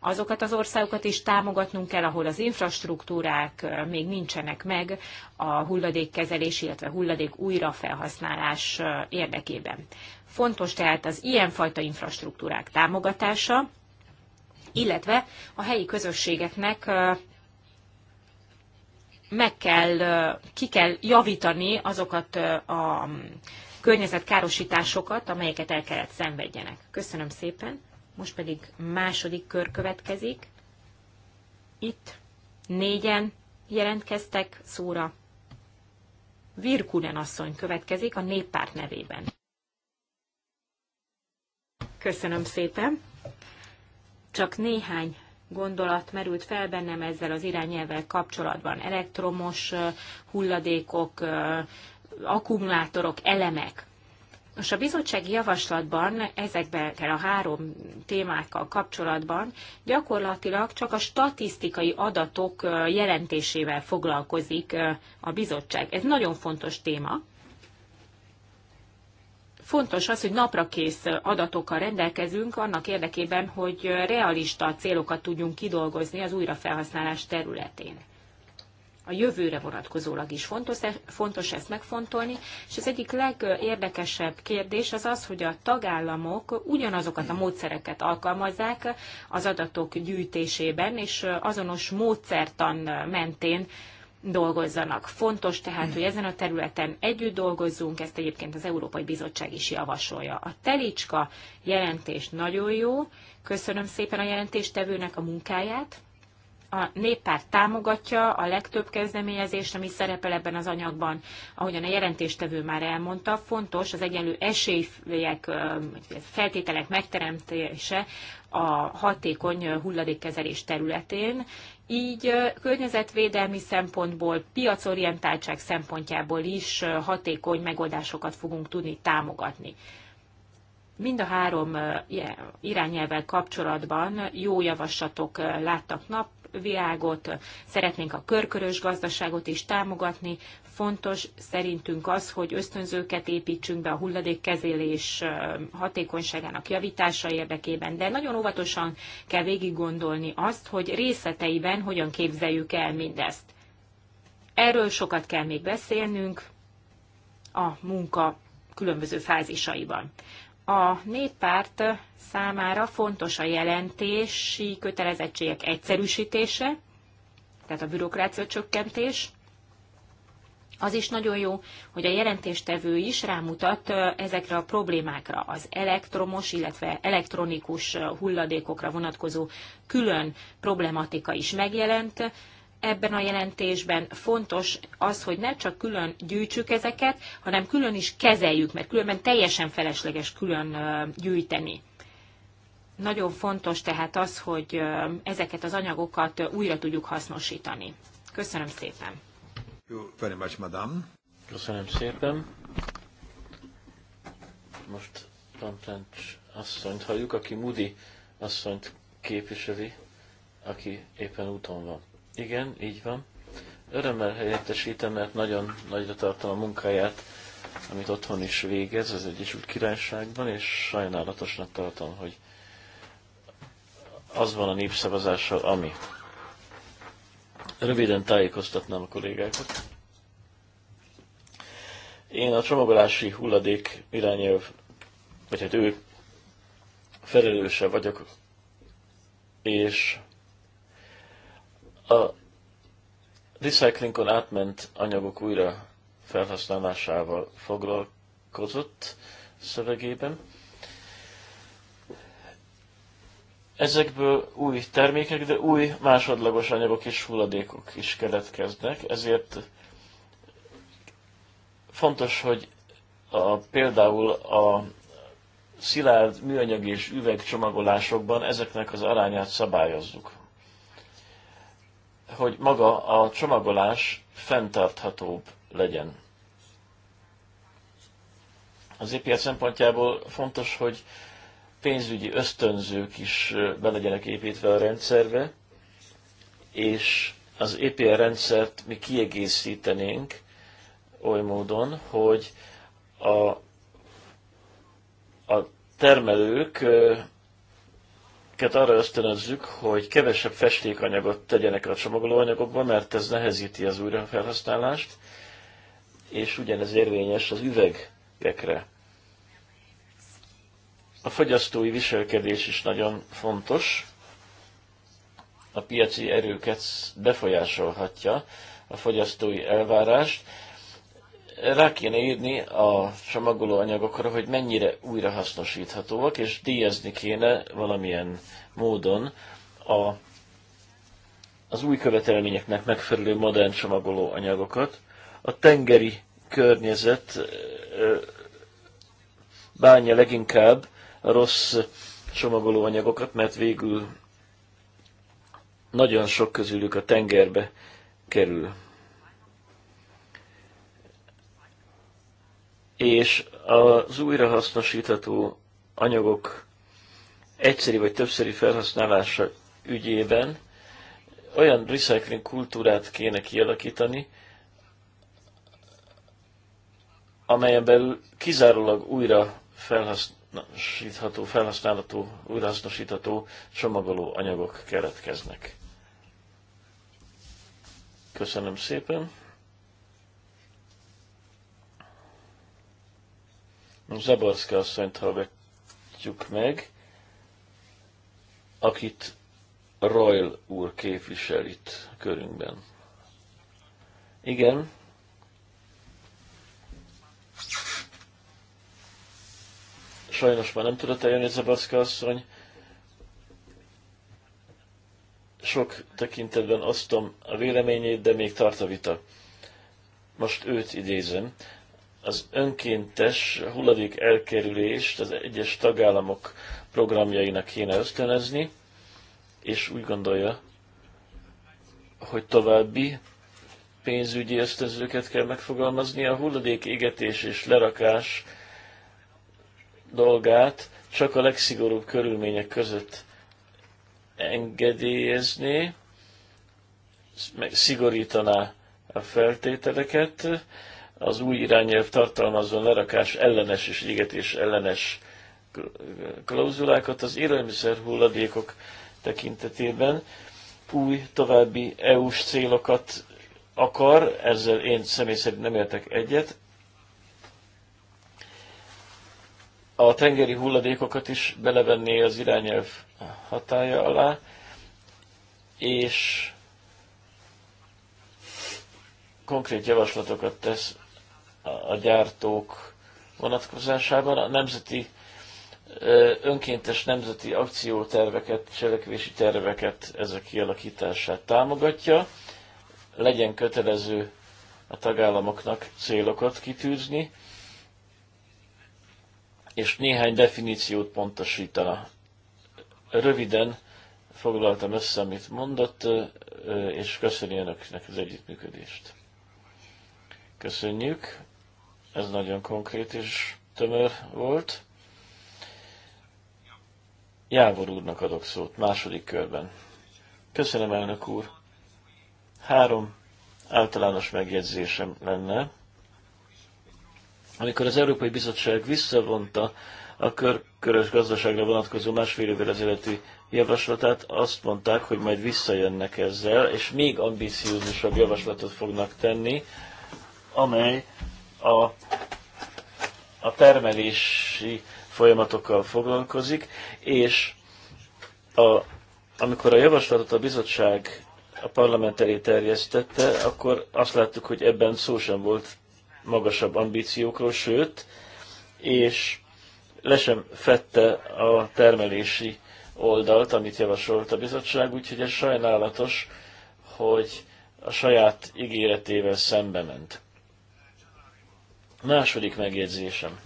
Azokat az országokat is támogatnunk kell, ahol az infrastruktúrák még nincsenek meg a hulladékkezelés, illetve hulladék újrafelhasználás érdekében. Fontos tehát az ilyenfajta infrastruktúrák támogatása, illetve a helyi közösségeknek meg kell, ki kell javítani azokat a környezetkárosításokat, amelyeket el kellett szenvedjenek. Köszönöm szépen. Most pedig második kör következik. Itt négyen jelentkeztek szóra. Virkunen asszony következik a néppárt nevében. Köszönöm szépen. Csak néhány gondolat merült fel bennem ezzel az irányelvel kapcsolatban. Elektromos hulladékok, akkumulátorok, elemek. Most a bizottsági javaslatban ezekkel a három témákkal kapcsolatban gyakorlatilag csak a statisztikai adatok jelentésével foglalkozik a bizottság. Ez nagyon fontos téma, Fontos az, hogy naprakész adatokkal rendelkezünk annak érdekében, hogy realista célokat tudjunk kidolgozni az újrafelhasználás területén a jövőre vonatkozólag is fontos, e- fontos ezt megfontolni, és az egyik legérdekesebb kérdés az az, hogy a tagállamok ugyanazokat a módszereket alkalmazzák az adatok gyűjtésében, és azonos módszertan mentén dolgozzanak. Fontos tehát, hogy ezen a területen együtt dolgozzunk, ezt egyébként az Európai Bizottság is javasolja. A Telicska jelentés nagyon jó, köszönöm szépen a jelentéstevőnek a munkáját. A néppárt támogatja a legtöbb kezdeményezést, ami szerepel ebben az anyagban. Ahogyan a jelentéstevő már elmondta, fontos az egyenlő esélyek, feltételek megteremtése a hatékony hulladékkezelés területén, így környezetvédelmi szempontból, piacorientáltság szempontjából is hatékony megoldásokat fogunk tudni támogatni. Mind a három irányelvel kapcsolatban jó javaslatok láttak napvilágot, szeretnénk a körkörös gazdaságot is támogatni, Fontos szerintünk az, hogy ösztönzőket építsünk be a hulladékkezelés hatékonyságának javítása érdekében, de nagyon óvatosan kell végig gondolni azt, hogy részleteiben hogyan képzeljük el mindezt. Erről sokat kell még beszélnünk a munka különböző fázisaiban. A néppárt számára fontos a jelentési kötelezettségek egyszerűsítése, tehát a bürokrácia csökkentés, az is nagyon jó, hogy a jelentéstevő is rámutat ezekre a problémákra, az elektromos, illetve elektronikus hulladékokra vonatkozó külön problematika is megjelent, ebben a jelentésben fontos az, hogy ne csak külön gyűjtsük ezeket, hanem külön is kezeljük, mert különben teljesen felesleges külön gyűjteni. Nagyon fontos tehát az, hogy ezeket az anyagokat újra tudjuk hasznosítani. Köszönöm szépen! very much, Köszönöm szépen. Most Pamplancs asszonyt halljuk, aki Mudi asszonyt képviseli, aki éppen úton van. Igen, így van. Örömmel helyettesítem, mert nagyon nagyra tartom a munkáját, amit otthon is végez az Egyesült Királyságban, és sajnálatosnak tartom, hogy az van a népszavazással, ami. Röviden tájékoztatnám a kollégákat. Én a csomagolási hulladék irányelv, vagy hát ő felelőse vagyok, és a recyclingon átment anyagok újra felhasználásával foglalkozott szövegében. Ezekből új termékek, de új másodlagos anyagok és hulladékok is keletkeznek, ezért fontos, hogy a, például a szilárd műanyag és üvegcsomagolásokban ezeknek az arányát szabályozzuk. Hogy maga a csomagolás fenntarthatóbb legyen. Az EPS szempontjából fontos, hogy pénzügyi ösztönzők is be legyenek építve a rendszerbe, és az EPR rendszert mi kiegészítenénk oly módon, hogy a, a termelőket arra ösztönözzük, hogy kevesebb festékanyagot tegyenek a csomagolóanyagokba, mert ez nehezíti az újrafelhasználást, és ugyanez érvényes az üvegekre. A fogyasztói viselkedés is nagyon fontos. A piaci erőket befolyásolhatja a fogyasztói elvárást. Rá kéne írni a csomagolóanyagokra, hogy mennyire újrahasznosíthatóak, és díjazni kéne valamilyen módon a, az új követelményeknek megfelelő modern csomagoló anyagokat. A tengeri környezet bánja leginkább rossz csomagolóanyagokat, mert végül nagyon sok közülük a tengerbe kerül. És az újrahasznosítható anyagok egyszeri vagy többszeri felhasználása ügyében olyan recycling kultúrát kéne kialakítani, amelyen belül kizárólag újra felhasználható újrahasznosítható, felhasználható, újrahasznosítható csomagoló anyagok keretkeznek. Köszönöm szépen! Zabarszka asszonyt hallgatjuk meg, akit Royal úr képvisel itt körünkben. Igen, sajnos már nem tudott eljönni Zabaszka asszony. Sok tekintetben osztom a véleményét, de még tart a vita. Most őt idézem. Az önkéntes hulladék elkerülést az egyes tagállamok programjainak kéne ösztönözni, és úgy gondolja, hogy további pénzügyi ösztönzőket kell megfogalmazni. A hulladék égetés és lerakás dolgát csak a legszigorúbb körülmények között engedélyezni, szigorítaná a feltételeket, az új irányelv tartalmazó lerakás ellenes és égetés ellenes klauzulákat az élelmiszer hulladékok tekintetében új további EU-s célokat akar, ezzel én személy szerint nem értek egyet, a tengeri hulladékokat is belevenné az irányelv hatája alá, és konkrét javaslatokat tesz a gyártók vonatkozásában. A nemzeti önkéntes nemzeti akcióterveket, cselekvési terveket ezek kialakítását támogatja. Legyen kötelező a tagállamoknak célokat kitűzni, és néhány definíciót pontosítana. Röviden foglaltam össze, amit mondott, és köszönjük önöknek az együttműködést. Köszönjük, ez nagyon konkrét és tömör volt. Jávor úrnak adok szót második körben. Köszönöm, elnök úr. Három általános megjegyzésem lenne. Amikor az Európai Bizottság visszavonta a körkörös gazdaságra vonatkozó másfél évvel ezelőtti javaslatát, azt mondták, hogy majd visszajönnek ezzel, és még ambíciózusabb javaslatot fognak tenni, amely a, a termelési folyamatokkal foglalkozik, és a, amikor a javaslatot a bizottság a parlament elé terjesztette, akkor azt láttuk, hogy ebben szó sem volt magasabb ambíciókról, sőt, és le sem fette a termelési oldalt, amit javasolt a bizottság, úgyhogy ez sajnálatos, hogy a saját ígéretével szembe ment. Második megjegyzésem.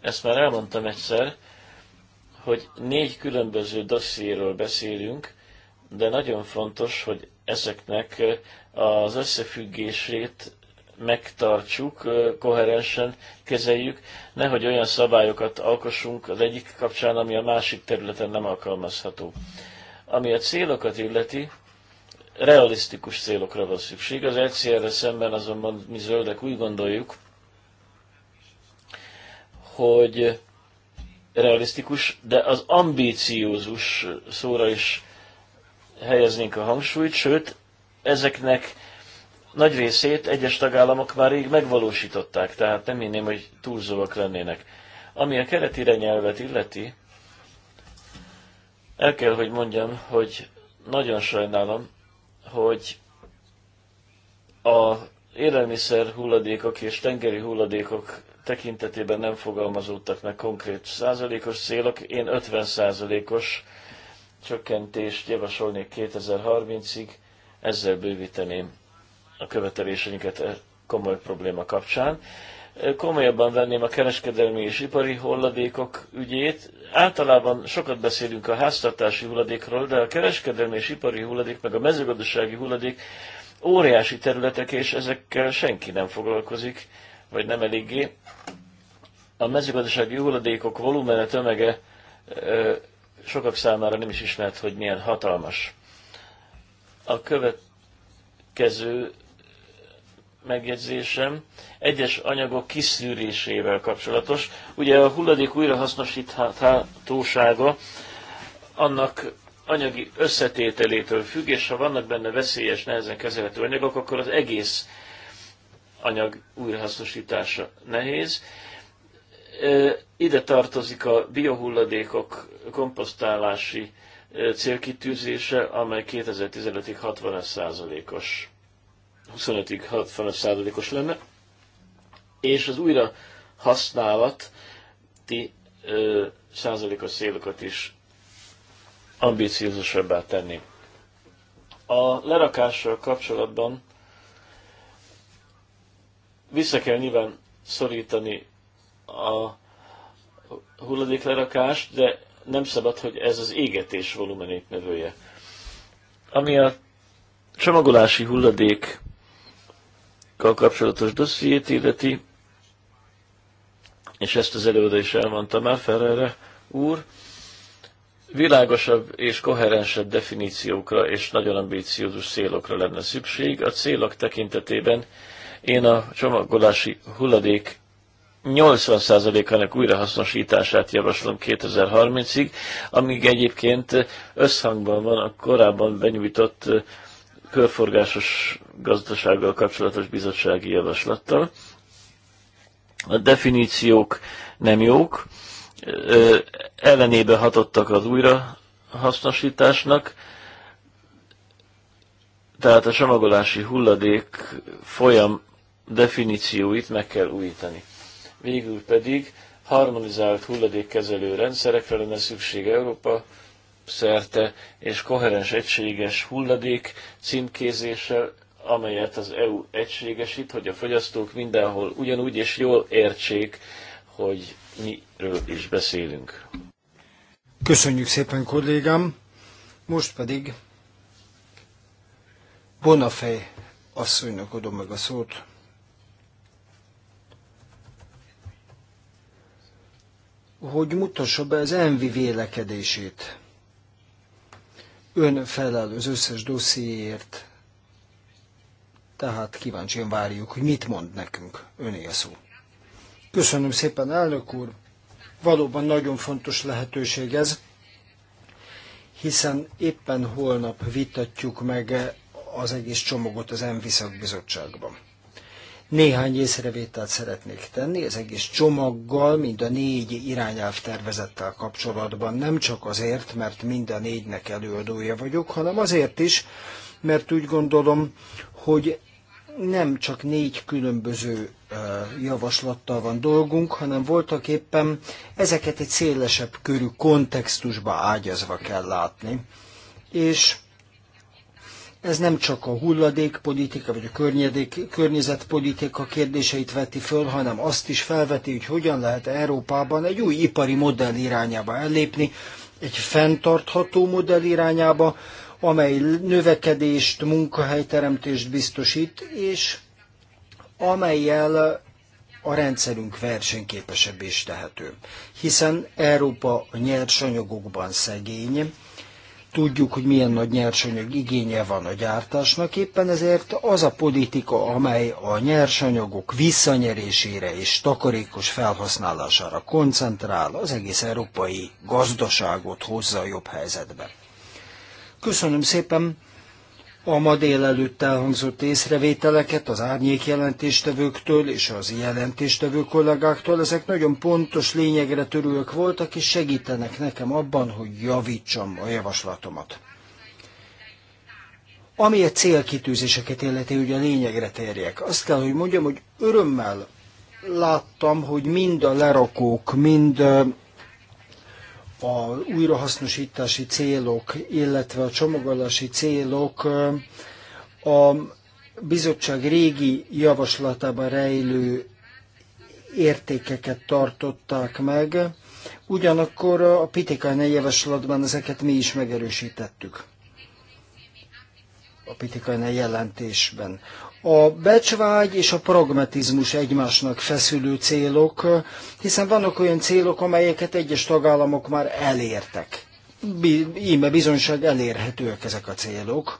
Ezt már elmondtam egyszer, hogy négy különböző dossziéről beszélünk, de nagyon fontos, hogy ezeknek eh, az összefüggését megtartsuk, eh, koherensen kezeljük, nehogy olyan szabályokat alkossunk az egyik kapcsán, ami a másik területen nem alkalmazható. Ami a célokat illeti, realisztikus célokra van szükség. Az ECR-re szemben azonban mi zöldek úgy gondoljuk, hogy realisztikus, de az ambíciózus szóra is helyeznénk a hangsúlyt, sőt, ezeknek nagy részét egyes tagállamok már rég megvalósították, tehát nem inném, hogy túlzóak lennének. Ami a keleti nyelvet illeti, el kell, hogy mondjam, hogy nagyon sajnálom, hogy a élelmiszer hulladékok és tengeri hulladékok tekintetében nem fogalmazódtak meg konkrét százalékos célok. Én 50 százalékos csökkentést javasolnék 2030-ig, ezzel bővíteném a követeléseinket e komoly probléma kapcsán. E, komolyabban venném a kereskedelmi és ipari hulladékok ügyét. Általában sokat beszélünk a háztartási hulladékról, de a kereskedelmi és ipari hulladék, meg a mezőgazdasági hulladék óriási területek, és ezekkel senki nem foglalkozik, vagy nem eléggé. A mezőgazdasági hulladékok volumene tömege e, sokak számára nem is ismert, hogy milyen hatalmas. A következő megjegyzésem egyes anyagok kiszűrésével kapcsolatos. Ugye a hulladék újrahasznosíthatósága annak anyagi összetételétől függ, és ha vannak benne veszélyes, nehezen kezelhető anyagok, akkor az egész anyag újrahasznosítása nehéz. Ide tartozik a biohulladékok komposztálási célkitűzése, amely 2015-ig 60%-os, 25-ig 60%-os lenne, és az újra használati százalékos célokat is ambíciózusabbá tenni. A lerakással kapcsolatban vissza kell nyilván szorítani a hulladéklerakást, de nem szabad, hogy ez az égetés volumenét növője. Ami a csomagolási hulladékkal kapcsolatos dossziét illeti, és ezt az előadó is elmondta már Ferrere úr, világosabb és koherensebb definíciókra és nagyon ambíciózus célokra lenne szükség. A célok tekintetében én a csomagolási hulladék 80%-ának újrahasznosítását javaslom 2030-ig, amíg egyébként összhangban van a korábban benyújtott körforgásos gazdasággal kapcsolatos bizottsági javaslattal. A definíciók nem jók, ellenébe hatottak az újrahasznosításnak, tehát a csomagolási hulladék folyam definícióit meg kell újítani. Végül pedig harmonizált hulladékkezelő rendszerekre lenne szükség Európa szerte, és koherens egységes hulladék címkézéssel, amelyet az EU egységesít, hogy a fogyasztók mindenhol ugyanúgy és jól értsék, hogy miről is beszélünk. Köszönjük szépen, kollégám! Most pedig Bonafej asszonynak adom meg a szót. hogy mutassa be az envi vélekedését. Ön felel az összes dossziéért, tehát kíváncsian várjuk, hogy mit mond nekünk. Öné a szó. Köszönöm szépen, elnök úr. Valóban nagyon fontos lehetőség ez, hiszen éppen holnap vitatjuk meg az egész csomagot az MVISZAK bizottságban. Néhány észrevételt szeretnék tenni az egész csomaggal, mind a négy irányelv tervezettel kapcsolatban, nem csak azért, mert mind a négynek előadója vagyok, hanem azért is, mert úgy gondolom, hogy nem csak négy különböző javaslattal van dolgunk, hanem voltak éppen ezeket egy szélesebb körű kontextusba ágyazva kell látni. És ez nem csak a hulladékpolitika vagy a környedék, környezetpolitika kérdéseit veti föl, hanem azt is felveti, hogy hogyan lehet Európában egy új ipari modell irányába ellépni, egy fenntartható modell irányába, amely növekedést, munkahelyteremtést biztosít, és amelyel a rendszerünk versenyképesebb és tehető. Hiszen Európa nyersanyagokban szegény, tudjuk, hogy milyen nagy nyersanyag igénye van a gyártásnak, éppen ezért az a politika, amely a nyersanyagok visszanyerésére és takarékos felhasználására koncentrál, az egész európai gazdaságot hozza a jobb helyzetbe. Köszönöm szépen! a ma délelőtt elhangzott észrevételeket az árnyék jelentéstevőktől és az jelentéstevő kollégáktól. Ezek nagyon pontos lényegre törők voltak, és segítenek nekem abban, hogy javítsam a javaslatomat. Ami a célkitűzéseket illeti, hogy a lényegre térjek. Azt kell, hogy mondjam, hogy örömmel láttam, hogy mind a lerakók, mind a újrahasznosítási célok, illetve a csomagolási célok a bizottság régi javaslatában rejlő értékeket tartották meg, ugyanakkor a Pitikainen javaslatban ezeket mi is megerősítettük a Pitikainen jelentésben a becsvágy és a pragmatizmus egymásnak feszülő célok, hiszen vannak olyan célok, amelyeket egyes tagállamok már elértek. Íme bizonyság elérhetőek ezek a célok.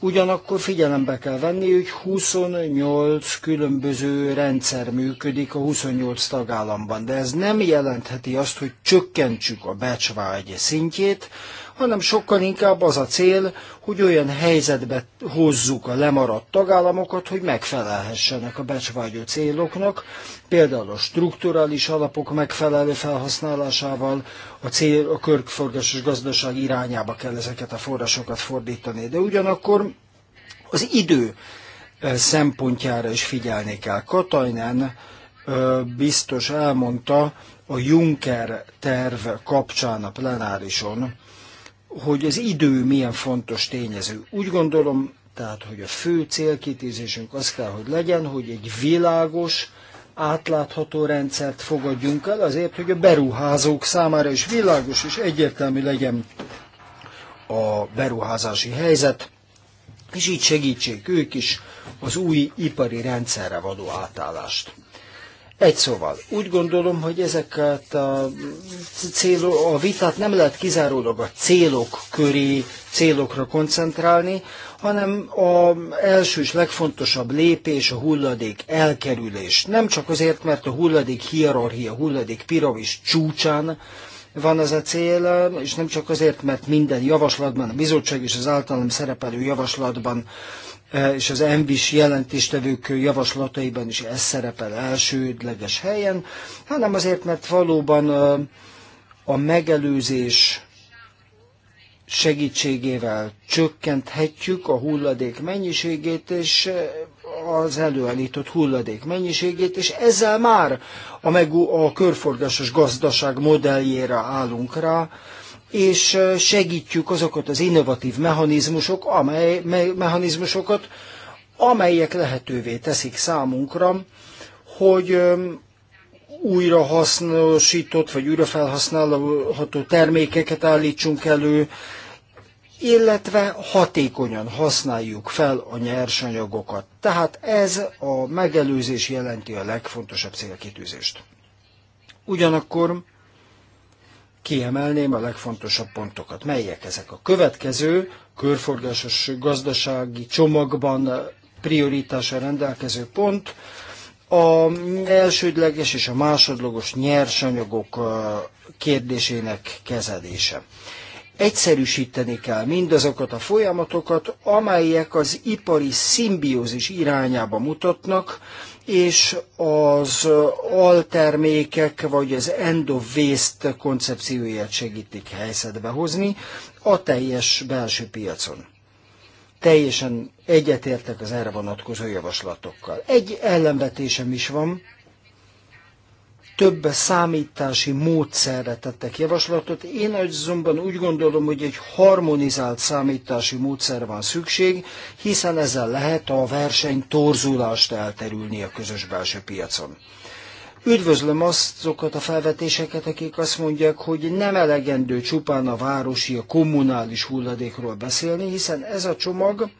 Ugyanakkor figyelembe kell venni, hogy 28 különböző rendszer működik a 28 tagállamban, de ez nem jelentheti azt, hogy csökkentsük a becsvágy szintjét, hanem sokkal inkább az a cél, hogy olyan helyzetbe hozzuk a lemaradt tagállamokat, hogy megfelelhessenek a becsvágyó céloknak, például a strukturális alapok megfelelő felhasználásával, a, cél, a körforgásos gazdaság irányába kell ezeket a forrásokat fordítani. De ugyanakkor az idő szempontjára is figyelni kell. Katajnen biztos elmondta a Juncker terv kapcsán a plenárison, hogy az idő milyen fontos tényező. Úgy gondolom, tehát, hogy a fő célkitűzésünk az kell, hogy legyen, hogy egy világos, átlátható rendszert fogadjunk el, azért, hogy a beruházók számára is világos és egyértelmű legyen a beruházási helyzet, és így segítsék ők is az új ipari rendszerre való átállást. Egy szóval, úgy gondolom, hogy ezeket a, célo, a vitát nem lehet kizárólag a célok köré, célokra koncentrálni, hanem az első és legfontosabb lépés a hulladék elkerülés. Nem csak azért, mert a hulladék hierarchia, hulladék piramis csúcsán van ez a cél, és nem csak azért, mert minden javaslatban, a bizottság és az általam szerepelő javaslatban E, és az MVIS jelentéstevők javaslataiban is ez szerepel elsődleges helyen, hanem hát azért, mert valóban e, a megelőzés segítségével csökkenthetjük a hulladék mennyiségét, és e, az előállított hulladék mennyiségét, és ezzel már a, meg, a körforgásos gazdaság modelljére állunk rá, és segítjük azokat az innovatív mechanizmusok, amely, me, mechanizmusokat, amelyek lehetővé teszik számunkra, hogy újra hasznosított vagy újra felhasználható termékeket állítsunk elő, illetve hatékonyan használjuk fel a nyersanyagokat. Tehát ez a megelőzés jelenti a legfontosabb célkitűzést. Ugyanakkor kiemelném a legfontosabb pontokat. Melyek ezek? A következő körforgásos gazdasági csomagban prioritása rendelkező pont, a elsődleges és a másodlagos nyersanyagok kérdésének kezelése. Egyszerűsíteni kell mindazokat a folyamatokat, amelyek az ipari szimbiózis irányába mutatnak, és az altermékek vagy az end of waste koncepcióját segítik helyzetbe hozni a teljes belső piacon. Teljesen egyetértek az erre vonatkozó javaslatokkal. Egy ellenvetésem is van, több számítási módszerre tettek javaslatot. Én azonban úgy gondolom, hogy egy harmonizált számítási módszer van szükség, hiszen ezzel lehet a verseny torzulást elterülni a közös belső piacon. Üdvözlöm azokat a felvetéseket, akik azt mondják, hogy nem elegendő csupán a városi, a kommunális hulladékról beszélni, hiszen ez a csomag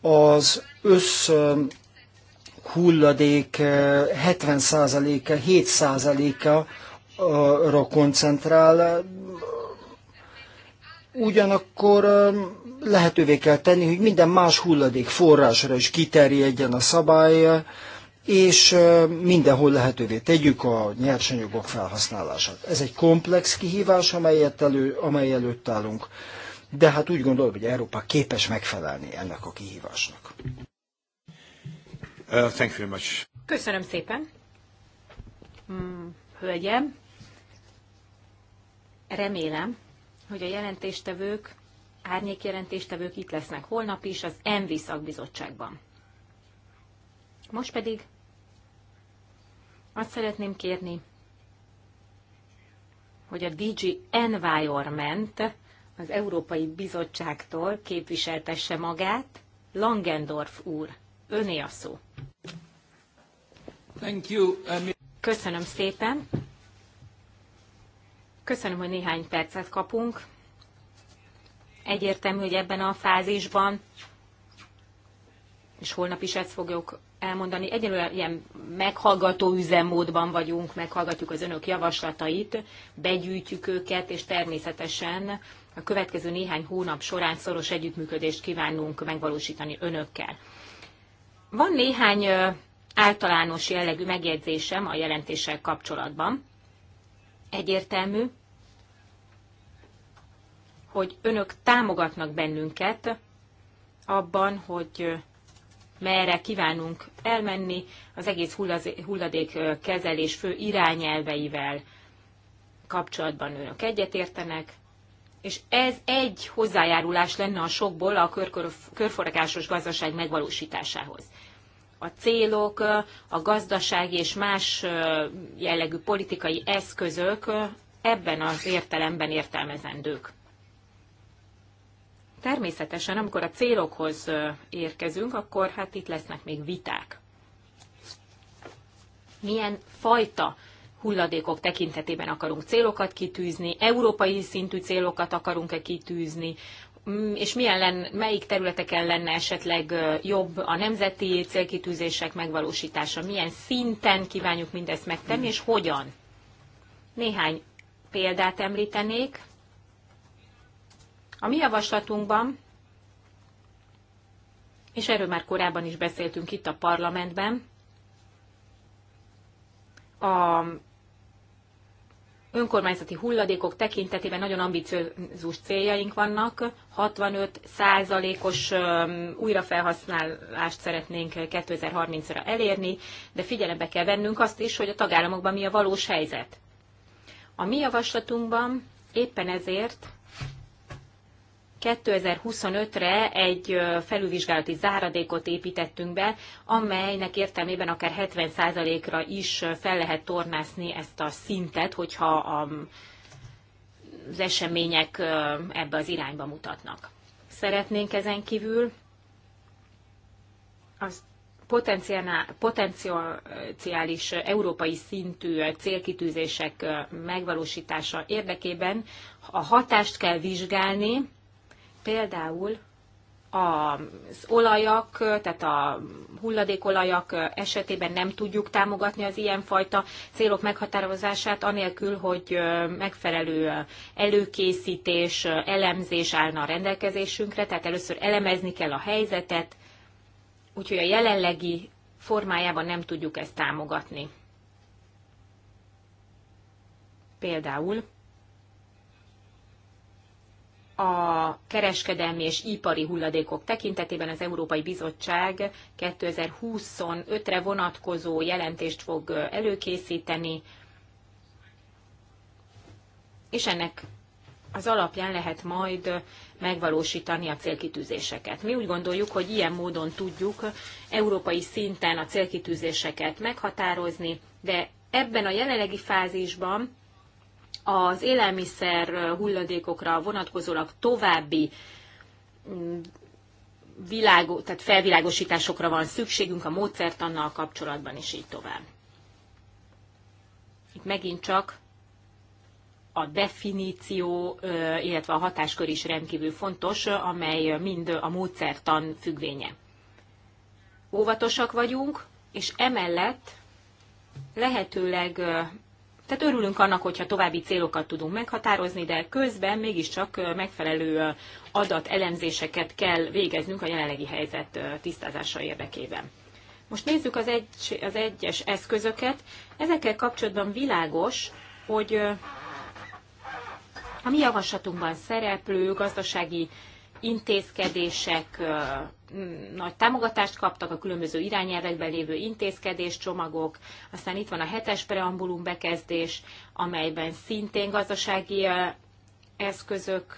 az össz hulladék 70%-a, 7 a koncentrál. Ugyanakkor eh, lehetővé kell tenni, hogy minden más hulladék forrásra is kiterjedjen a szabály, és eh, mindenhol lehetővé tegyük a nyersanyagok felhasználását. Ez egy komplex kihívás, amelyet elő, amely előtt állunk, de hát úgy gondolom, hogy Európa képes megfelelni ennek a kihívásnak. Uh, thank you very much. Köszönöm szépen. Hmm, hölgyem, remélem, hogy a jelentéstevők, árnyékjelentéstevők itt lesznek holnap is az MV szakbizottságban. Most pedig azt szeretném kérni, hogy a DG Environment az Európai Bizottságtól képviseltesse magát Langendorf úr. Öné a szó. Thank you. Um, Köszönöm szépen. Köszönöm, hogy néhány percet kapunk. Egyértelmű, hogy ebben a fázisban, és holnap is ezt fogjuk elmondani, egyelőre ilyen meghallgató üzemmódban vagyunk, meghallgatjuk az önök javaslatait, begyűjtjük őket, és természetesen a következő néhány hónap során szoros együttműködést kívánunk megvalósítani önökkel. Van néhány általános jellegű megjegyzésem a jelentéssel kapcsolatban. Egyértelmű, hogy önök támogatnak bennünket abban, hogy merre kívánunk elmenni az egész hulladékkezelés fő irányelveivel kapcsolatban önök egyetértenek, és ez egy hozzájárulás lenne a sokból a körforgásos gazdaság megvalósításához. A célok, a gazdasági és más jellegű politikai eszközök ebben az értelemben értelmezendők. Természetesen, amikor a célokhoz érkezünk, akkor hát itt lesznek még viták. Milyen fajta hulladékok tekintetében akarunk célokat kitűzni, európai szintű célokat akarunk-e kitűzni, mm, és milyen len, melyik területeken lenne esetleg jobb a nemzeti célkitűzések megvalósítása, milyen szinten kívánjuk mindezt megtenni, és hogyan. Néhány példát említenék. A mi javaslatunkban, és erről már korábban is beszéltünk itt a parlamentben, a önkormányzati hulladékok tekintetében nagyon ambiciózus céljaink vannak. 65 százalékos újrafelhasználást szeretnénk 2030-ra elérni, de figyelembe kell vennünk azt is, hogy a tagállamokban mi a valós helyzet. A mi javaslatunkban éppen ezért 2025-re egy felülvizsgálati záradékot építettünk be, amelynek értelmében akár 70%-ra is fel lehet tornászni ezt a szintet, hogyha a, az események ebbe az irányba mutatnak. Szeretnénk ezen kívül az potenciális európai szintű célkitűzések megvalósítása érdekében a hatást kell vizsgálni, például az olajak, tehát a hulladékolajak esetében nem tudjuk támogatni az ilyenfajta célok meghatározását, anélkül, hogy megfelelő előkészítés, elemzés állna a rendelkezésünkre, tehát először elemezni kell a helyzetet, úgyhogy a jelenlegi formájában nem tudjuk ezt támogatni. Például a kereskedelmi és ipari hulladékok tekintetében az Európai Bizottság 2025-re vonatkozó jelentést fog előkészíteni, és ennek az alapján lehet majd megvalósítani a célkitűzéseket. Mi úgy gondoljuk, hogy ilyen módon tudjuk európai szinten a célkitűzéseket meghatározni, de ebben a jelenlegi fázisban az élelmiszer hulladékokra vonatkozólag további mm, világo, tehát felvilágosításokra van szükségünk a módszertannal kapcsolatban, és így tovább. Itt megint csak a definíció, illetve a hatáskör is rendkívül fontos, amely mind a módszertan függvénye. Óvatosak vagyunk, és emellett lehetőleg tehát örülünk annak, hogyha további célokat tudunk meghatározni, de közben mégiscsak megfelelő adatelemzéseket kell végeznünk a jelenlegi helyzet tisztázása érdekében. Most nézzük az, egy, az egyes eszközöket. Ezekkel kapcsolatban világos, hogy a mi javaslatunkban szereplő gazdasági intézkedések nagy támogatást kaptak, a különböző irányelvekben lévő intézkedéscsomagok, aztán itt van a hetes preambulum bekezdés, amelyben szintén gazdasági eszközök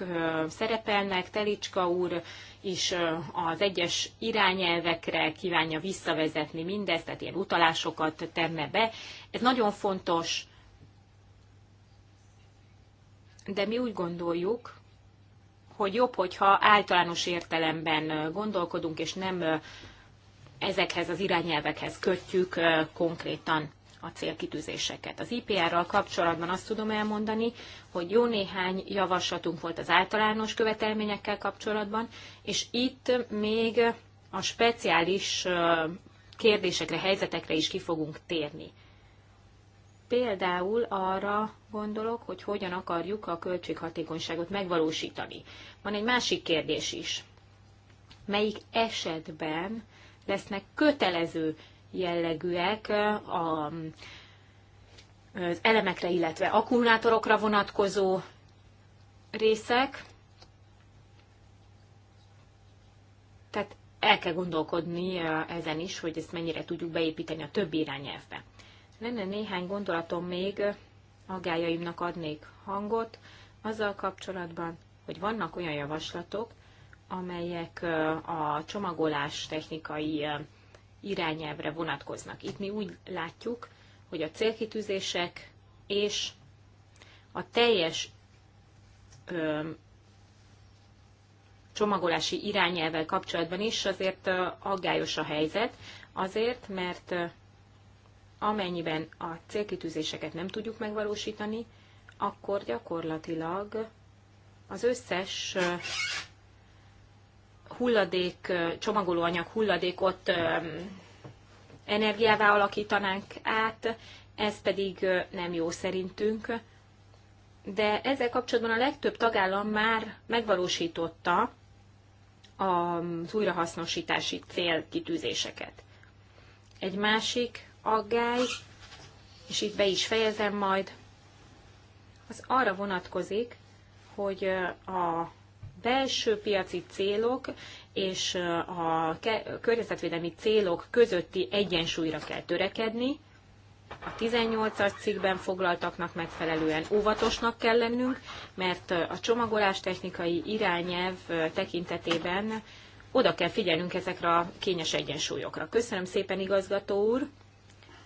szerepelnek. Telicska úr is az egyes irányelvekre kívánja visszavezetni mindezt, tehát ilyen utalásokat tenne be. Ez nagyon fontos, de mi úgy gondoljuk, hogy jobb, hogyha általános értelemben gondolkodunk, és nem ezekhez az irányelvekhez kötjük konkrétan a célkitűzéseket. Az IPR-ral kapcsolatban azt tudom elmondani, hogy jó néhány javaslatunk volt az általános követelményekkel kapcsolatban, és itt még a speciális kérdésekre, helyzetekre is ki fogunk térni. Például arra, gondolok, hogy hogyan akarjuk a költséghatékonyságot megvalósítani. Van egy másik kérdés is. Melyik esetben lesznek kötelező jellegűek a, az elemekre, illetve akkumulátorokra vonatkozó részek? Tehát el kell gondolkodni ezen is, hogy ezt mennyire tudjuk beépíteni a többi irányelvbe. Lenne néhány gondolatom még aggájaimnak adnék hangot azzal kapcsolatban, hogy vannak olyan javaslatok, amelyek a csomagolás technikai irányelvre vonatkoznak. Itt mi úgy látjuk, hogy a célkitűzések és a teljes csomagolási irányelvel kapcsolatban is azért aggályos a helyzet, azért, mert amennyiben a célkitűzéseket nem tudjuk megvalósítani, akkor gyakorlatilag az összes hulladék, csomagolóanyag hulladékot energiává alakítanánk át, ez pedig nem jó szerintünk. De ezzel kapcsolatban a legtöbb tagállam már megvalósította az újrahasznosítási célkitűzéseket. Egy másik aggály, és itt be is fejezem majd, az arra vonatkozik, hogy a belső piaci célok és a környezetvédelmi célok közötti egyensúlyra kell törekedni, a 18-as cikkben foglaltaknak megfelelően óvatosnak kell lennünk, mert a csomagolás technikai irányelv tekintetében oda kell figyelnünk ezekre a kényes egyensúlyokra. Köszönöm szépen, igazgató úr!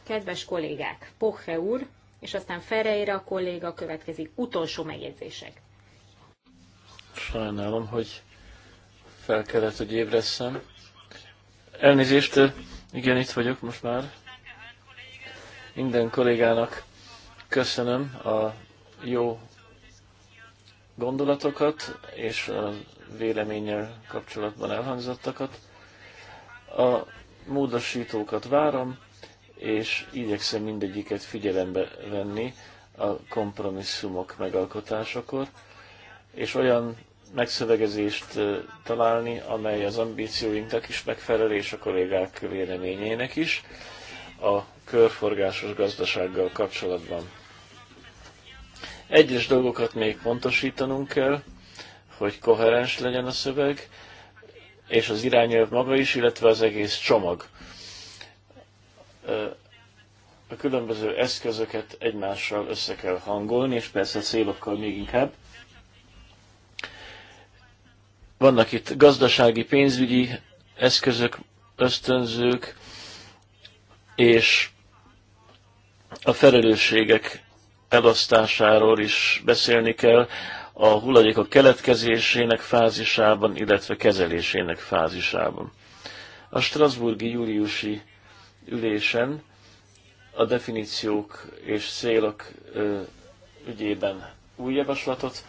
Kedves kollégák, Poche úr, és aztán Ferreira a kolléga következik. Utolsó megjegyzések. Sajnálom, hogy fel kellett, hogy ébresszem. Elnézést, igen, itt vagyok most már. Minden kollégának köszönöm a jó gondolatokat és a véleménnyel kapcsolatban elhangzottakat. A módosítókat várom, és igyekszem mindegyiket figyelembe venni a kompromisszumok megalkotásakor, és olyan megszövegezést találni, amely az ambícióinknak is megfelel, és a kollégák véleményének is a körforgásos gazdasággal kapcsolatban. Egyes dolgokat még pontosítanunk kell, hogy koherens legyen a szöveg, és az irányelv maga is, illetve az egész csomag a különböző eszközöket egymással össze kell hangolni, és persze a célokkal még inkább. Vannak itt gazdasági, pénzügyi eszközök, ösztönzők, és a felelősségek elosztásáról is beszélni kell, a hulladékok keletkezésének fázisában, illetve kezelésének fázisában. A Strasburgi júliusi ülésen a definíciók és célok ügyében új javaslatot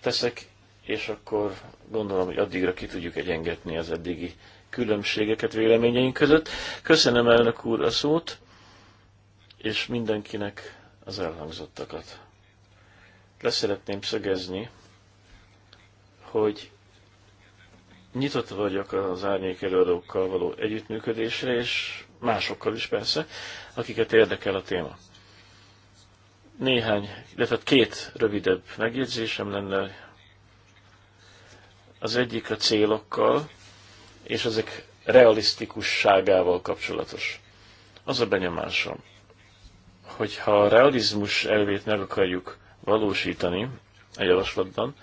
teszek, és akkor gondolom, hogy addigra ki tudjuk egyengetni az eddigi különbségeket véleményeink között. Köszönöm elnök úr a szót, és mindenkinek az elhangzottakat. Leszeretném szögezni, hogy nyitott vagyok az árnyék előadókkal való együttműködésre, és másokkal is persze, akiket érdekel a téma. Néhány, illetve két rövidebb megjegyzésem lenne. Az egyik a célokkal, és ezek realisztikusságával kapcsolatos. Az a benyomásom, hogy ha a realizmus elvét meg akarjuk valósítani a javaslatban,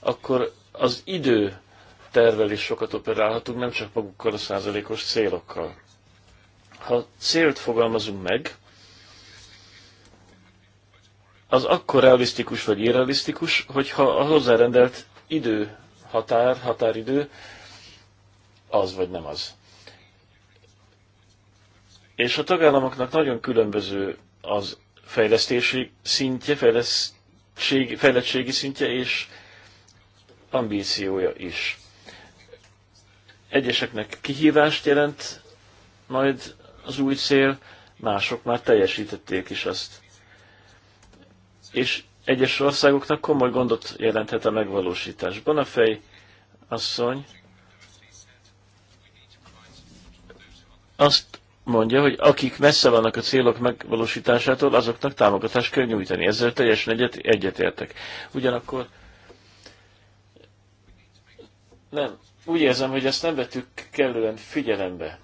akkor az idő tervel is sokat operálhatunk, nem csak magukkal a százalékos célokkal. Ha célt fogalmazunk meg, az akkor realisztikus vagy irrealisztikus, hogyha a hozzárendelt idő, határ, határidő az vagy nem az. És a tagállamoknak nagyon különböző az fejlesztési szintje, fejlesztség, fejlettségi szintje és ambíciója is. Egyeseknek kihívást jelent majd az új cél, mások már teljesítették is azt. És egyes országoknak komoly gondot jelenthet a megvalósítás. Bonafej asszony azt mondja, hogy akik messze vannak a célok megvalósításától, azoknak támogatást kell nyújtani. Ezzel teljesen egyet, egyetértek. Ugyanakkor nem, úgy érzem, hogy ezt nem vettük kellően figyelembe.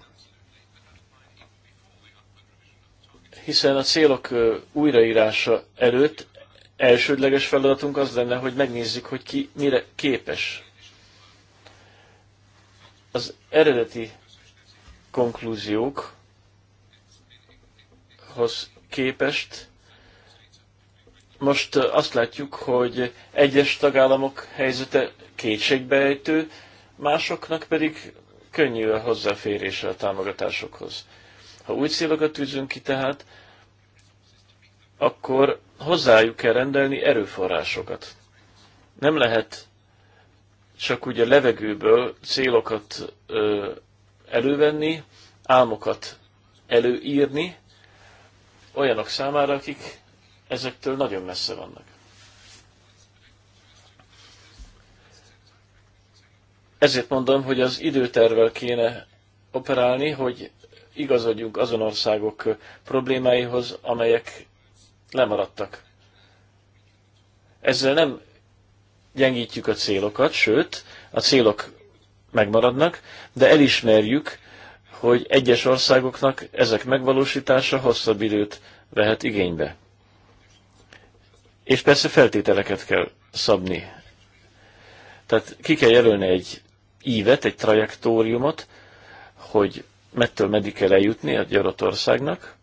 hiszen a célok újraírása előtt elsődleges feladatunk az lenne, hogy megnézzük, hogy ki mire képes. Az eredeti konklúziókhoz képest most azt látjuk, hogy egyes tagállamok helyzete kétségbejtő, másoknak pedig könnyű a hozzáférése a támogatásokhoz. Ha új célokat tűzünk ki tehát, akkor hozzájuk kell rendelni erőforrásokat. Nem lehet csak úgy a levegőből célokat ö, elővenni, álmokat előírni olyanok számára, akik ezektől nagyon messze vannak. Ezért mondom, hogy az időtervel kéne operálni, hogy igazodjunk azon országok problémáihoz, amelyek lemaradtak. Ezzel nem gyengítjük a célokat, sőt, a célok megmaradnak, de elismerjük, hogy egyes országoknak ezek megvalósítása hosszabb időt vehet igénybe. És persze feltételeket kell szabni. Tehát ki kell jelölni egy ívet, egy trajektóriumot, hogy mettől meddig kell eljutni a gyarott országnak,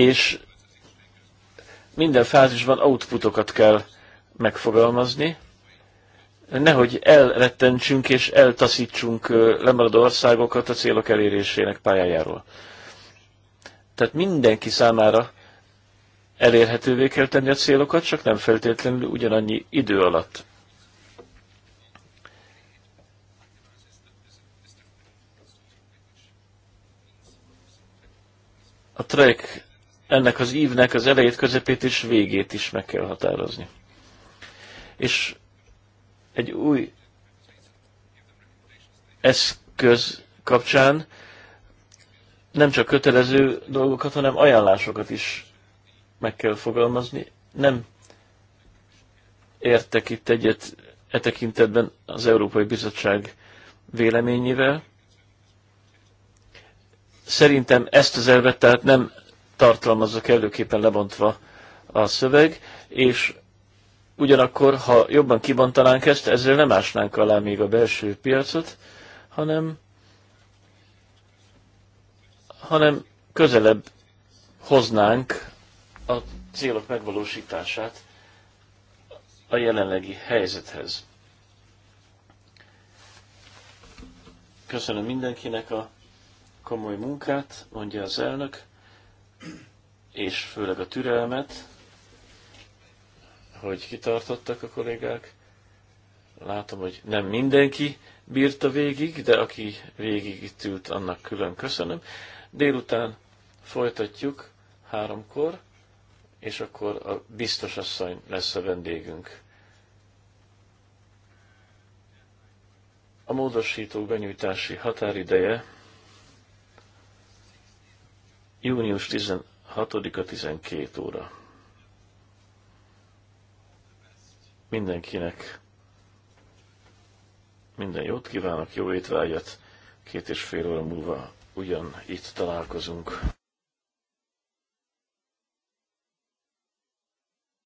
és minden fázisban outputokat kell megfogalmazni, nehogy elrettentsünk és eltaszítsunk lemaradó országokat a célok elérésének pályájáról. Tehát mindenki számára elérhetővé kell tenni a célokat, csak nem feltétlenül ugyanannyi idő alatt. A track ennek az ívnek az elejét, közepét és végét is meg kell határozni. És egy új eszköz kapcsán nem csak kötelező dolgokat, hanem ajánlásokat is meg kell fogalmazni. Nem értek itt egyet e tekintetben az Európai Bizottság véleményével. Szerintem ezt az elvet tehát nem tartalmazza kellőképpen lebontva a szöveg, és ugyanakkor, ha jobban kibontanánk ezt, ezzel nem ásnánk alá még a belső piacot, hanem, hanem közelebb hoznánk a célok megvalósítását a jelenlegi helyzethez. Köszönöm mindenkinek a komoly munkát, mondja az elnök és főleg a türelmet, hogy kitartottak a kollégák. Látom, hogy nem mindenki bírta végig, de aki végig itt ült, annak külön köszönöm. Délután folytatjuk háromkor, és akkor a biztos asszony lesz a vendégünk. A módosító benyújtási határideje Június 16-a 12 óra. Mindenkinek minden jót kívánok, jó étvágyat, két és fél óra múlva ugyan itt találkozunk.